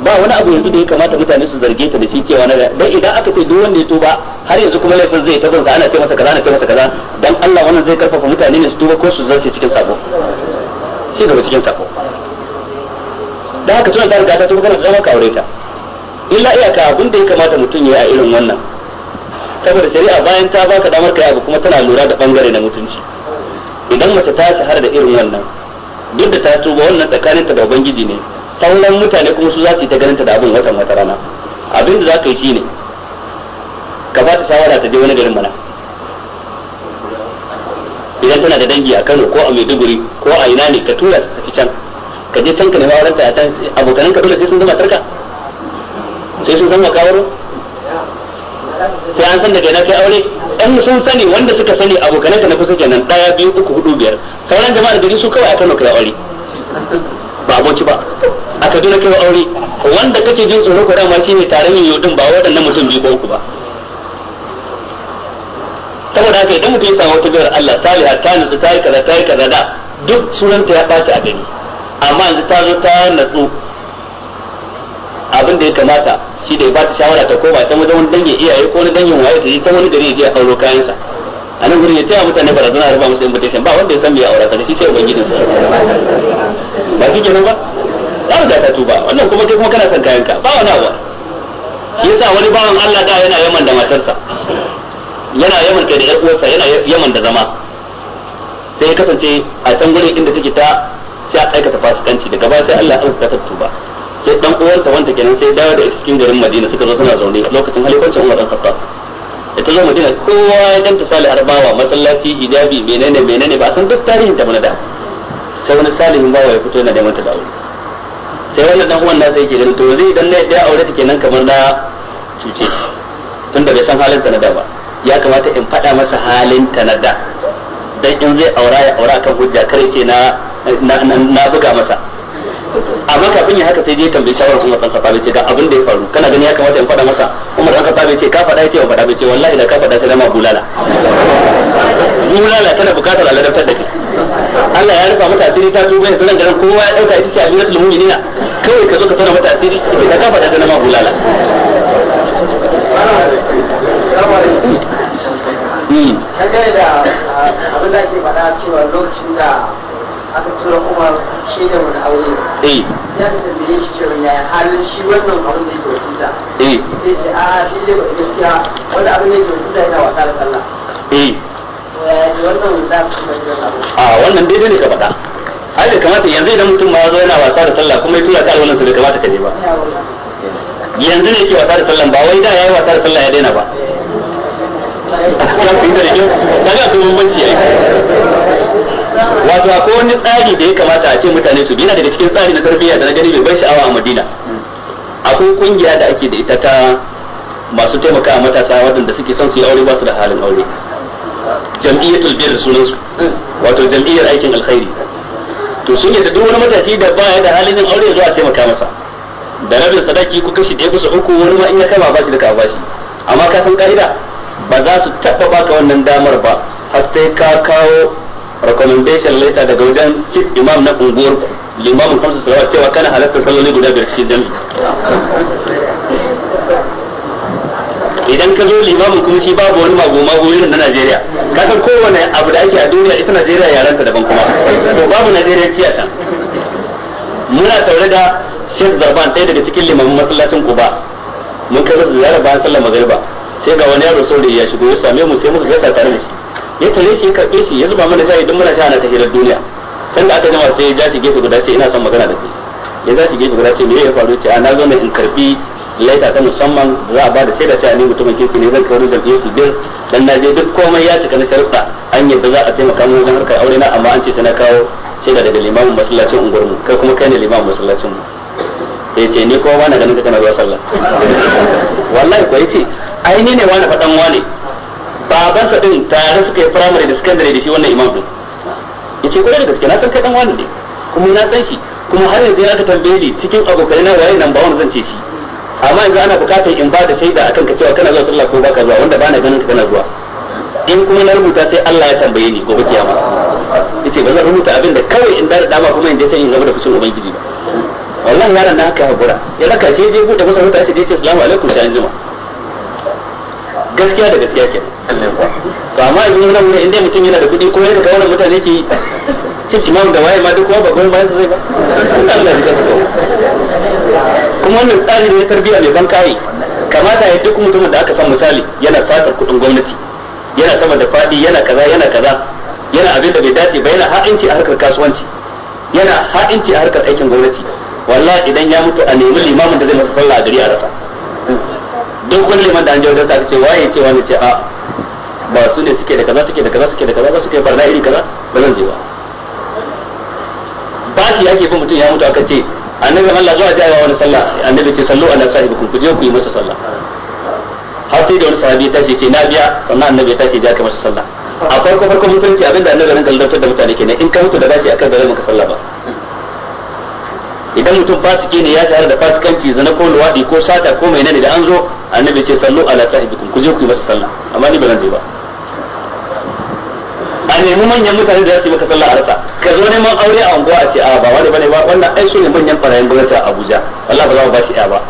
ba wani abu yanzu da ya kamata mutane su zarge ta da shi cewa na dan idan aka ce duk wanda ya tuba har yanzu kuma laifin zai ta banza ana ce masa kaza ana ce masa kaza dan Allah wannan zai karfafa mutane ne su tuba ko su zarce cikin sako. shi gaba cikin sako dan haka tunan ta riga ta tuba kana zama ka aure ta illa iyaka abin da ya kamata mutum ya yi a irin wannan saboda shari'a bayan ta baka damar kai abu kuma tana lura da bangare na mutunci idan mace ta shahara da irin wannan duk da ta tuba wannan tsakaninta da ubangiji ne sauran mutane kuma su za su yi ta ganin ta da abin watan wata rana abin da za ka yi shine ka ba ta shawara ta je wani garin mana idan tana da dangi a Kano ko a Maiduguri ko a ina ne ka tura ta tafi can ka je can ka nema wurin ta a can abokanan ka dole sai sun zama tarka sai sun zama kawaro sai an san kai na kai aure ɗan sun sani wanda suka sani abokanai ka na kusa kenan ɗaya biyu uku hudu biyar sauran jama'ar gari su kawai a Kano kai aure ba aboki ba a Kaduna kai aure wanda kake jin tsoro ko dama shine tare ne yau ba waɗannan mutum biyu ko uku ba saboda haka idan mutum ya samu wata biyar Allah ta liha ta nutsu ta yi kaza ta yi kaza da duk sunanta ya ɓaci a gani amma yanzu ta zo ta natsu abin da ya kamata shi da ya ba ta shawara ta koma ta wajen wani dangin iyaye ko wani dangin waye ta yi ta wani gari ya je a auro kayansa a nan gurin ya taya mutane barazana a rufa musu invitation ba wanda ya san me ya aura shi sai ubangijin sa ba shi kenan ba za da ta tuba wannan kuma kai kuma kana son kayanka ba wani abu shi yasa wani bawan Allah da yana yaman da matarsa yana yaman kai da ƴar uwarsa yana yaman da zama sai ya kasance a can gurin inda take ta ta aikata fasikanci daga baya sai Allah ya alƙata tuba sai dan uwarta wanda kenan sai dawo da cikin garin Madina suka zo suna zaune lokacin halifancin Umar dan Khattab da ta zo Madina kowa ya danta salih arbawa masallaci hijabi menene menene ba san duk tarihin ta bana da sai wani salihin bawa ya fito yana da mata da aure sai wannan dan uwan nasa yake da to zai dan ne da aure ta kenan kamar na cuce tunda bai san halin ta na da ba ya kamata in faɗa masa halin ta na da dan in zai aura ya aura kan hujja kar ke na na buga masa amma kafin ya haka sai dai tambayi shawara kuma dan kafa ce ga abin da ya faru kana gani ya kamata in faɗa masa Umar dan kafa ce ka faɗa ce ba faɗa ce wallahi da ka faɗa sai ma bulala bulala tana bukatar Allah da kai Allah ya rufa mata asiri ta tuba ya sanar da kowa ya dauka ita ce amiratul mu'minina kai ka zo ka sanar mata asiri da ka faɗa sai ma bulala Hmm. Kaga da ah, abin da ake faɗa cewa lokacin da aka tura kuma shi da wani aure eh ya ta tambaye shi cewa ya halin shi wannan abin da yake wasuta eh sai ce a shi ne bai gaskiya wani abin da yake wasuta yana wasa da sallah eh wannan da a wannan daidai ne ka faɗa ai da kamata yanzu idan mutum ma zo yana wasa da sallah kuma ya tura ta alwalan su bai kamata ka je ba yanzu ne yake wasa da sallah ba wai da ya yi wasa da sallah ya daina ba eh. kaga akwai bambanci ai wato akwai wani tsari da ya kamata a ce mutane su bi yana daga cikin tsari na tarbiyya da na gani bai sha'awa a Madina akwai kungiya da ake da ita ta masu taimaka a matasa waɗanda suke son su yi aure basu da halin aure jam'iyyatul bir sunan su wato jam'iyyar aikin alkhairi to sun yadda duk wani matashi da ba ya da halin yin aure zuwa taimaka masa da rabin sadaki ku kashi ɗaya kusa uku wani ma in ya kama ba shi da ka bashi amma ka san ka'ida ba za su taɓa baka wannan damar ba har sai ka kawo recommendation letter daga wajen chief imam na unguwar limamin kamsa salawa cewa kana halartar salloli guda biyar cikin jami'i idan ka zo limamin kuma shi babu wani magomago irin na Najeriya ka san kowane abu da ake a duniya ita Najeriya ta daban kuma to babu Najeriya ciya ta muna tare da shek Zarban ɗaya daga cikin limamin masallacin Kuba mun kai zuwa ziyarar bayan sallar magariba sai ga wani yaro saurayi ya shigo ya same mu sai muka gasa tare da shi ya tare shi ya karbe shi ya zuba mana shayi don muna sha ta hirar duniya sanda aka jama sai ya ja shi gefe guda ce ina son magana da kai ya za shi gefe guda ce me ya faru ce a na zo mai in karɓi laita ta musamman za a ba da shaida cewa ni mutumin kirki ne zan kawo da biyu su biyar dan na je duk komai ya cika na sharuɗa an yadda za a taimaka mu wajen harkar aure na amma an ce ta na kawo shaida daga limamin masallacin unguwarmu kai kuma kai ne limamin masallacin mu ya ce ni kowa na ganin ka tana zuwa sallah [laughs] wallahi ko yace ai ni ne wani faɗan wani babansa din tare suka yi firamare da sakandare da shi wannan imam din yace kwarai da gaske na san kai dan wani ne kuma na san shi kuma har yanzu aka tambaye ni cikin abokai na waye nan ba wani zan ce shi amma yanzu ana bukatar in ba da shaida akan ka cewa kana zuwa sallah ko baka zuwa wanda bana ganin ka kana zuwa in kuma na rubuta sai Allah ya tambaye ni gobe kiyama yace ba zan rubuta abin da kawai in da dama kuma in je sai in gaba da kusur ubangiji ba wallahi yaron da haka hakura ya raka shi je bude masa mutane sai ya ce assalamu alaikum sai an jima gaskiya da gaskiya ke to amma idan yana ne inda mutum yana da kuɗi ko yana da wani mutane ke cin mun da waye ma duk kuma ba goyon bayan zai ba kuma wannan tsari ne tarbiya mai ban kai kamata ya duk mutumin da aka san misali yana fatar kuɗin gwamnati yana sama da fadi yana kaza yana kaza yana abin da bai dace ba yana ha'inci a harkar kasuwanci yana ha'inci a harkar aikin gwamnati wallahi idan ya mutu a nemi limamin da zai masa sallah a gari a rasa duk liman da an jawo wajen sa ce waye ce wani ce a ba su ne suke da kaza suke da kaza suke da kaza ba suke barna iri kaza ba zan je ba ba shi yake bin mutum ya mutu aka ce annabi Allah zuwa ji wa wani sallah annabi ce sallu ala sahibikum ku je ku yi masa sallah har sai da wani sahabi ya tashi ce na biya sannan annabi ya tashi ya kai masa sallah a farko farko mutunci abinda annabi ran galdantar da mutane kenan in ka mutu da dace akan bare maka sallah ba idan mutum fasiki ne ya tare da fasikanci zana ko luwadi ko sata ko mai nani da an zo annabi ce sallu ala sahibikum ku je ku yi masa sallah amma ni ba zan je ba a nemi manyan mutane da za su yi maka sallah a rasa ka zo neman aure a unguwa a ce a ba wani bane ba wannan ai su ne manyan barayin gwamnati a Abuja wallahi ba za mu ba shi ya ba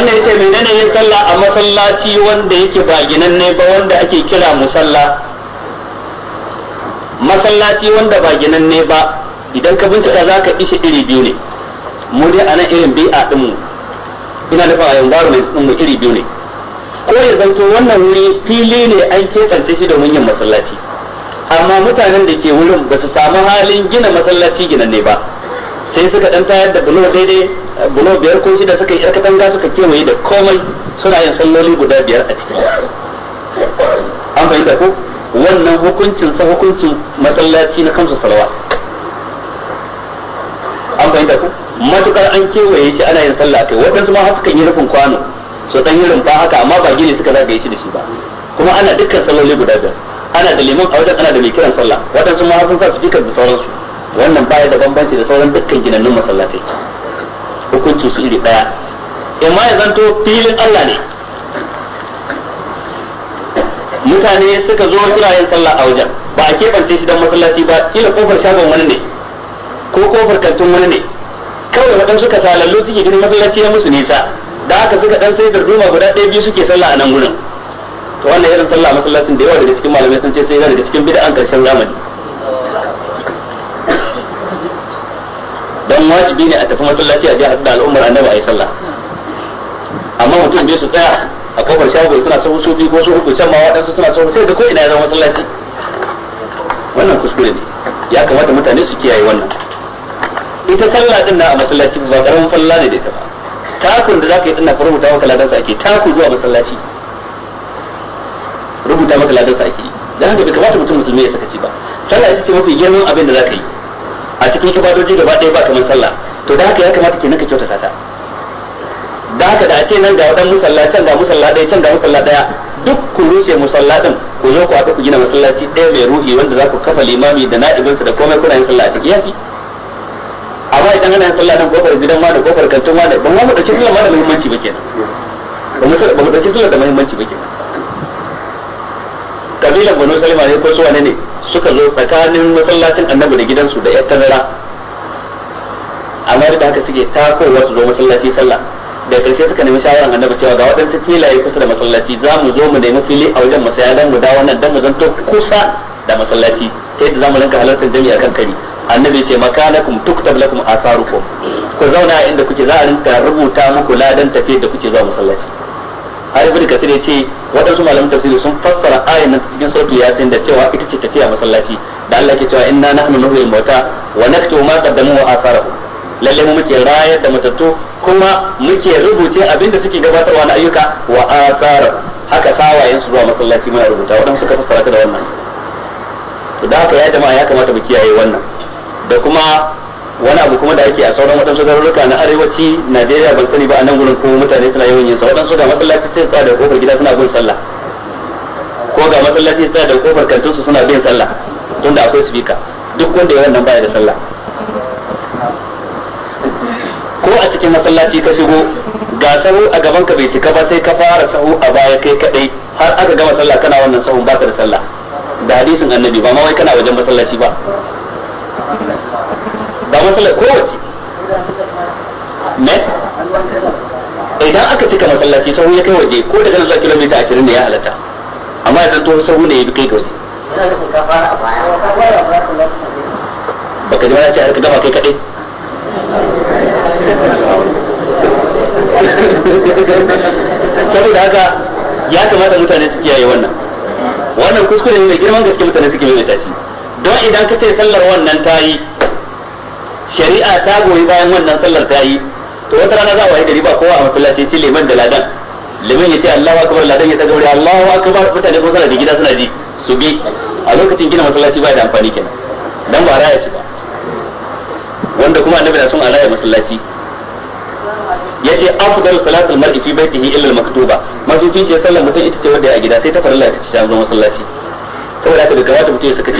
wannan mai menene yin sallah a masallaci wanda yake ba ginanne ba wanda ake kira musalla masallaci wanda ba ginanne ba idan ka bincika za ka ishe iri biyu ne mu dai nan irin bi'a a mu ina da fara yanzu din mu iri biyu ne ko ya zanto wannan wuri fili ne an kebance shi domin yin masallaci amma mutanen da ke wurin ba su samu halin gina masallaci ginanne ba sai suka dan tayar da bulo daidai bulo biyar ko shida suka yi tanga suka kewaye da komai suna yin salloli guda biyar a cikin an fahimta ko wannan hukuncin sa hukuncin masallaci na kansu salawa an fahimta ko matukar an kewaye shi ana yin sallah kai waɗansu ma suka yi rufin kwano so dan yi rumfa haka amma ba gine suka zagaye shi da shi ba kuma ana dukkan salloli guda biyar ana da liman a wajen ana da mai kiran sallah waɗansu ma sun sa su fikar da sauransu wannan baya da bambanci da sauran dukkan ginannun masallatai hukunci su iri daya amma ya zanto filin Allah ne mutane suka zo suna yin sallah a wajen ba a keɓance shi don masallaci ba kila kofar shagon wani ne ko kofar kantin wani ne kawai waɗansu ka salallu suke gidan masallaci ya musu nisa da haka suka dan sai darduma guda ɗaya biyu suke sallah a nan gurin to wannan irin sallah masallacin da yawa daga cikin malamai sun ce sai daga cikin bid'an karshen zamani dan wajibi ne a tafi masallaci a je a da al'ummar annabi yi sallah amma mutum bai su tsaya a kofar shago suna sahu su biyu ko su uku can ma waɗansu suna sahu sai da ko ina ya zama masallaci wannan kuskure ne ya kamata mutane su kiyaye wannan ita sallah din na a masallaci ba karamin falla ne da ita ba takun da zaka yi tana rubuta maka ladan sa ake taku zuwa masallaci rubuta maka ladan sa ake dan haka bai kamata mutum musulmi ya ci ba sallah ita ce mafi girman abin da zaka yi a cikin ibadoji gaba ɗaya ba kamar sallah to da haka ya kamata kenan ka kyautata ta da haka da a ce nan ga wadan musalla can ga musalla ɗaya can ga musalla ɗaya duk ku rushe musalla ɗin ku zo ku haɗu ku gina masallaci ɗaya mai ruhi wanda za ku kafa limami da na'ibinsa da komai kuna yin sallah a ciki yafi amma idan ana yin sallah nan kofar gidan ma da kofar kantin ma da ban ma mu ɗauki sallah ma da muhimmanci ba kenan ba mu ɗauki sallah da muhimmanci ba kenan kabilan banu salima ne ko su wane ne suka zo tsakanin masallacin annabi da gidansu da yar tazara amma da haka suke takowa su zo masallaci sallah da karshe suka nemi shawaran annabi cewa ga waɗansu filaye kusa da masallaci za mu zo mu nemi fili a wajen masaya dan mu dawo nan dan mu zanto kusa da masallaci ta yadda za mu rinka halartar jami'a kan kari annabi ce makanakum tuktab lakum asarukum ku zauna inda kuke za a rinka rubuta muku ladan tafiyar da kuke zuwa masallaci har ibn kasir yace waɗansu malaman tafsiri sun fassara ayan nan cikin sauki yasin da cewa ita ce tafiya masallaci da Allah ke cewa inna nahnu nuhyil mauta wa naktubu ma qaddamu wa atharahu lalle mu muke rayar da matattu kuma muke rubuce abinda suke gabatarwa na ayyuka wa atharahu haka sawayen su zuwa masallaci muna rubuta waɗansu suka fassara ta da wannan to da haka ya jama'a ya kamata mu kiyaye wannan da kuma wani abu kuma da ake a sauran waɗansu garuruka na arewaci Najeriya ban sani ba a nan gurin ko mutane suna yawan yin sa waɗansu ga masallaci sai tsaya da kofar gida suna bin sallah ko ga masallaci tsaya da kofar kantin su suna bin sallah tun da akwai sifika duk wanda ya wannan baya da sallah ko a cikin masallaci ka shigo ga sahu a gaban ka bai cika ba sai ka fara sahu a baya kai kadai har aka gama sallah kana wannan sahun baka da sallah da hadisin annabi ba ma wai kana wajen masallaci ba ba matsalar kowace ne idan aka cika masallaci sahu ya kai waje ko daga nan zuwa kilomita ashirin ne ya halatta amma idan to sahu ne ya bi kai ga waje baka ji ya ce harka ka gama kai kaɗai saboda haka ya kamata mutane su kiyaye wannan wannan kuskure ne mai girman gaske mutane suke mai tashi don idan ka ce sallar wannan ta yi shari'a ta goyi bayan wannan sallar ta yi to wata rana za a wayi gari ba kowa a masallaci sai liman da ladan liman ya ce Allahu akbar ladan ya ta gauri Allahu akbar mutane ko sallar da gida suna ji su bi a lokacin gina masallaci ba da amfani kenan dan ba raya shi ba wanda kuma annabi na son a raya masallaci yace afdal salatul mar'i fi baitihi illa al-maktuba mafi ce sallar mutum ita ce wanda ya gida sai ta farilla ta ci ta zo masallaci saboda haka bai kamata mutum ya ji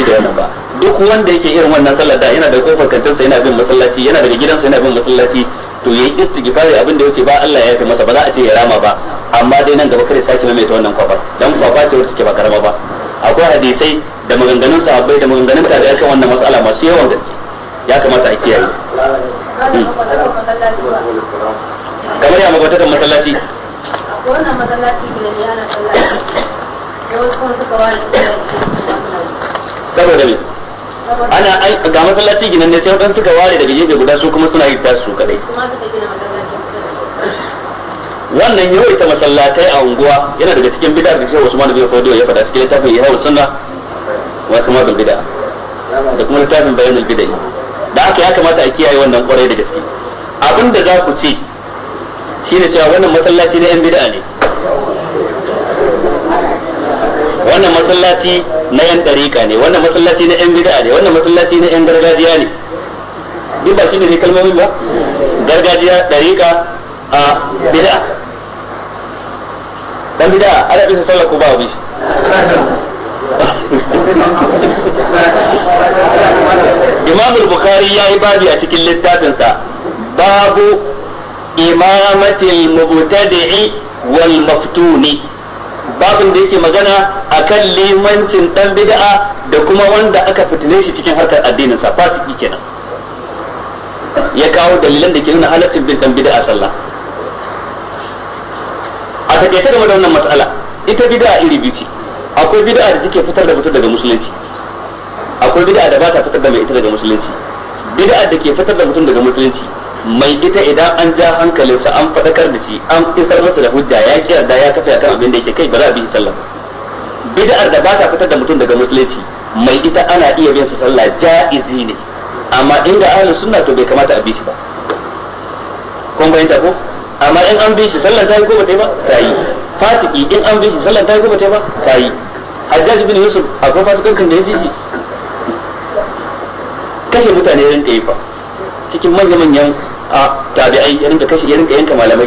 da wannan ba duk wanda yake irin wannan sallar da yana da kofar kantinsa yana bin masallaci yana daga gidansa yana bin masallaci to yayi istighfari abin da yake ba Allah ya yafe masa ba za a ce ya rama ba amma dai nan gaba kare mai ta wannan kwafa dan kwafa ce wacce ke ba karama ba akwai hadisai da maganganun sahabbai da maganganun da ya kan wannan matsala masu yawan gaske ya kamata a kiyaye hmm. kamar ya magwata kan masallaci wannan masallaci ne ana sallaci saboda me ana ai ga masallaci ginan ne sai wadan suka ware daga gefe guda su kuma suna yi tasu kadai wannan yawaita masallatai a unguwa yana daga cikin bid'a da Shehu Usman bin Fodiyo ya faɗa cikin littafin Ihya Sunna wa kuma bil bid'a da kuma littafin Bayanul Bid'a da aka ya kamata a kiyaye wannan kwarai da gaske abin da za ku ce shine cewa wannan masallaci na yan bid'a ne wannan masallaci na yan dariƙa ne wannan masallaci na yan bid'a ne wannan masallaci na yan gargajiya ne duk ba shine ne kalmomin ba gargajiya dariƙa a bid'a dan bid'a ana bisa sallar ko ba bi Imam al-Bukhari ya yi babi a cikin littafinsa babu imamatil mubtadi'i wal maftuni babin da yake magana a kan limancin ɗan bida'a da kuma wanda aka fitine shi cikin harkar addinin sa fasiki kenan ya kawo dalilan da ke nuna halaccin bin ɗan bida'a sallah a taƙaita game da wannan matsala ita bida'a iri biyu ce akwai bida'a da take fitar da mutum daga musulunci akwai bida'a da ba ta fitar da mai ita daga musulunci bid'a da ke fitar da mutum daga musulunci mai ita idan an ja hankalinsa an faɗakar da shi an isar masa da hujja ya ki yarda ya tafi akan abin da yake kai ba za a bi sallah bid'ar da ba ta fitar da mutum daga musulunci mai ita ana iya bin sa sallah ja'izi ne amma inda ahlus sunna to bai kamata a bi shi ba kun bayyana ko amma in an bi shi sallah ta yi ko ba ta yi ba ta yi Fatiki in an bi shi sallah ta yi ko ba ta yi ba ta yi hajjaj bin yusuf akwai fasikan kan da ya kashe mutane ta yi fa cikin manya-manyan a tabi'ai ya rinka kashi ya rinka yanka malamai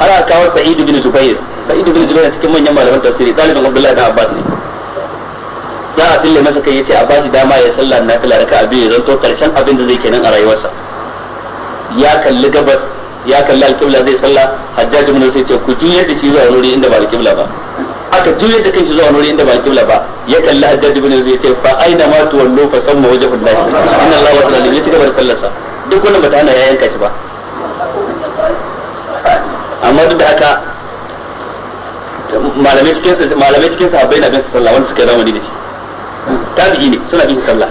har aka kawo Sa'id bin Zubair Sa'id bin Zubair cikin manyan malaman tafsiri talibin Abdullahi bin Abbas ne za a fille masa kai yace abbas ba shi dama ya sallah na fila raka biyu zan to karshen abin da zai kenan a rayuwarsa ya kalli gabas ya kalli alƙibla zai sallah Hajjaj bin Yusuf ce ku juye da shi zuwa wuri inda ba alƙibla ba aka juye da kanki zuwa wuri inda ba alƙibla ba ya kalli Hajjaj bin Yusuf ce fa aina ma tuwallu fa samma wajhullahi inna allaha wa ta'ala ya ci gaba duk wani bata ana ya yanka shi ba amma duk da haka malamai cikin malamai cikin sahabbai na bin sallah wanda suka zamani da shi tabi'i ne suna bin sallah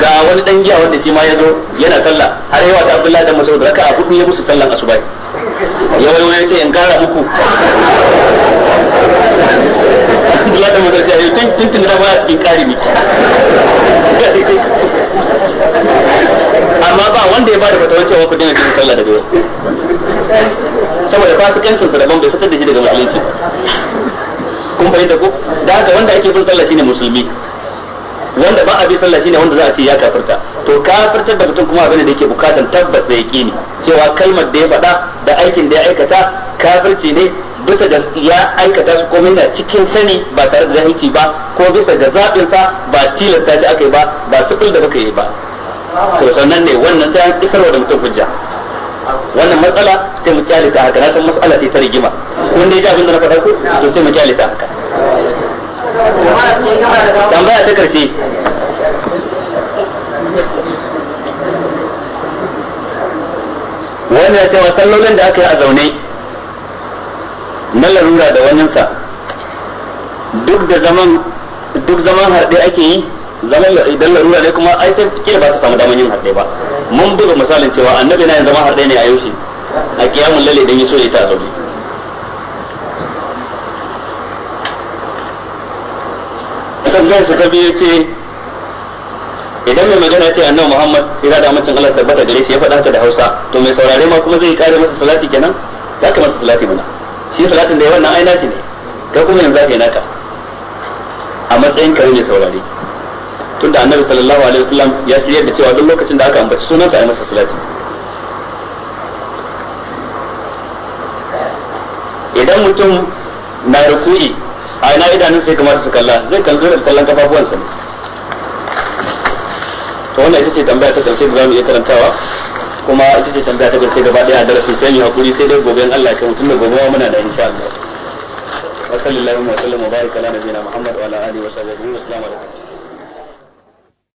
ga wani dan giya wanda shi ma ya zo yana sallah har yawa ta Abdullahi dan Mas'ud raka a hudu ya musu sallan asubai ya wai wai sai in kara muku Abdullahi dan Mas'ud ya yi tun tun da ba a cikin kari ne amma ba wanda ya ba da fatawar cewa ku daina cin sallah da yau saboda fasikancin su daban bai fitar da shi daga musulunci kun fahimta ku da haka wanda ake bin sallah shine musulmi wanda ba a bi sallah shine wanda za a ce ya kafirta to kafirtar da mutum kuma abin da yake bukatan tabbas da yaqini cewa kalmar da ya faɗa da aikin da ya aikata kafirci ne bisa ga ya aikata su komai na cikin sani ba tare da jahilci ba ko bisa ga zaɓinsa ba tilasta shi aka yi ba ba sufil da baka yi ba to sannan ne wannan ta an isarwa da mutum hujja wannan matsala sai mu kyalita haka na san matsala sai ta rigima kun dai ji abin da na faɗa ko to sai mu kyalita ta haka tambaya ta karshe wannan ya cewa sallolin da aka yi a zaune na larura da waninsa duk da zaman duk zaman harɗe ake yi zaman idan larura ne kuma ai sai kila ba ta samu daman yin haɗe ba mun buga misalin cewa annabi na yin zama haɗe ne a yaushe a kiyamun lalle dan yi so ita a zaune tambayar su ta ya ce idan mai magana ce annabi Muhammad ya da amincin Allah tabbata gare shi ya faɗa haka da Hausa to mai saurare ma kuma zai kare masa salati kenan ya kamata salati mana shi salatin da ya wannan aina ce ne kai kuma yanzu zai naka a matsayin kare ne saurare tunda annabi sallallahu alaihi wasallam ya shirya da cewa duk lokacin da aka ambaci sunansa ayi masa salati idan mutum na ruku'i a ina idanun sai kamar su kalla zai kan zo da kallon sa to wannan ita ce tambaya ta karshe da zamu iya karantawa kuma ita ce tambaya ta karshe gaba daya a darasi sai mu hakuri sai dai gobe Allah ya kai mutum da gobe muna da insha Allah wa sallallahu wa sallam wa baraka ala nabiyina muhammad wa ala alihi wa sahbihi wa sallam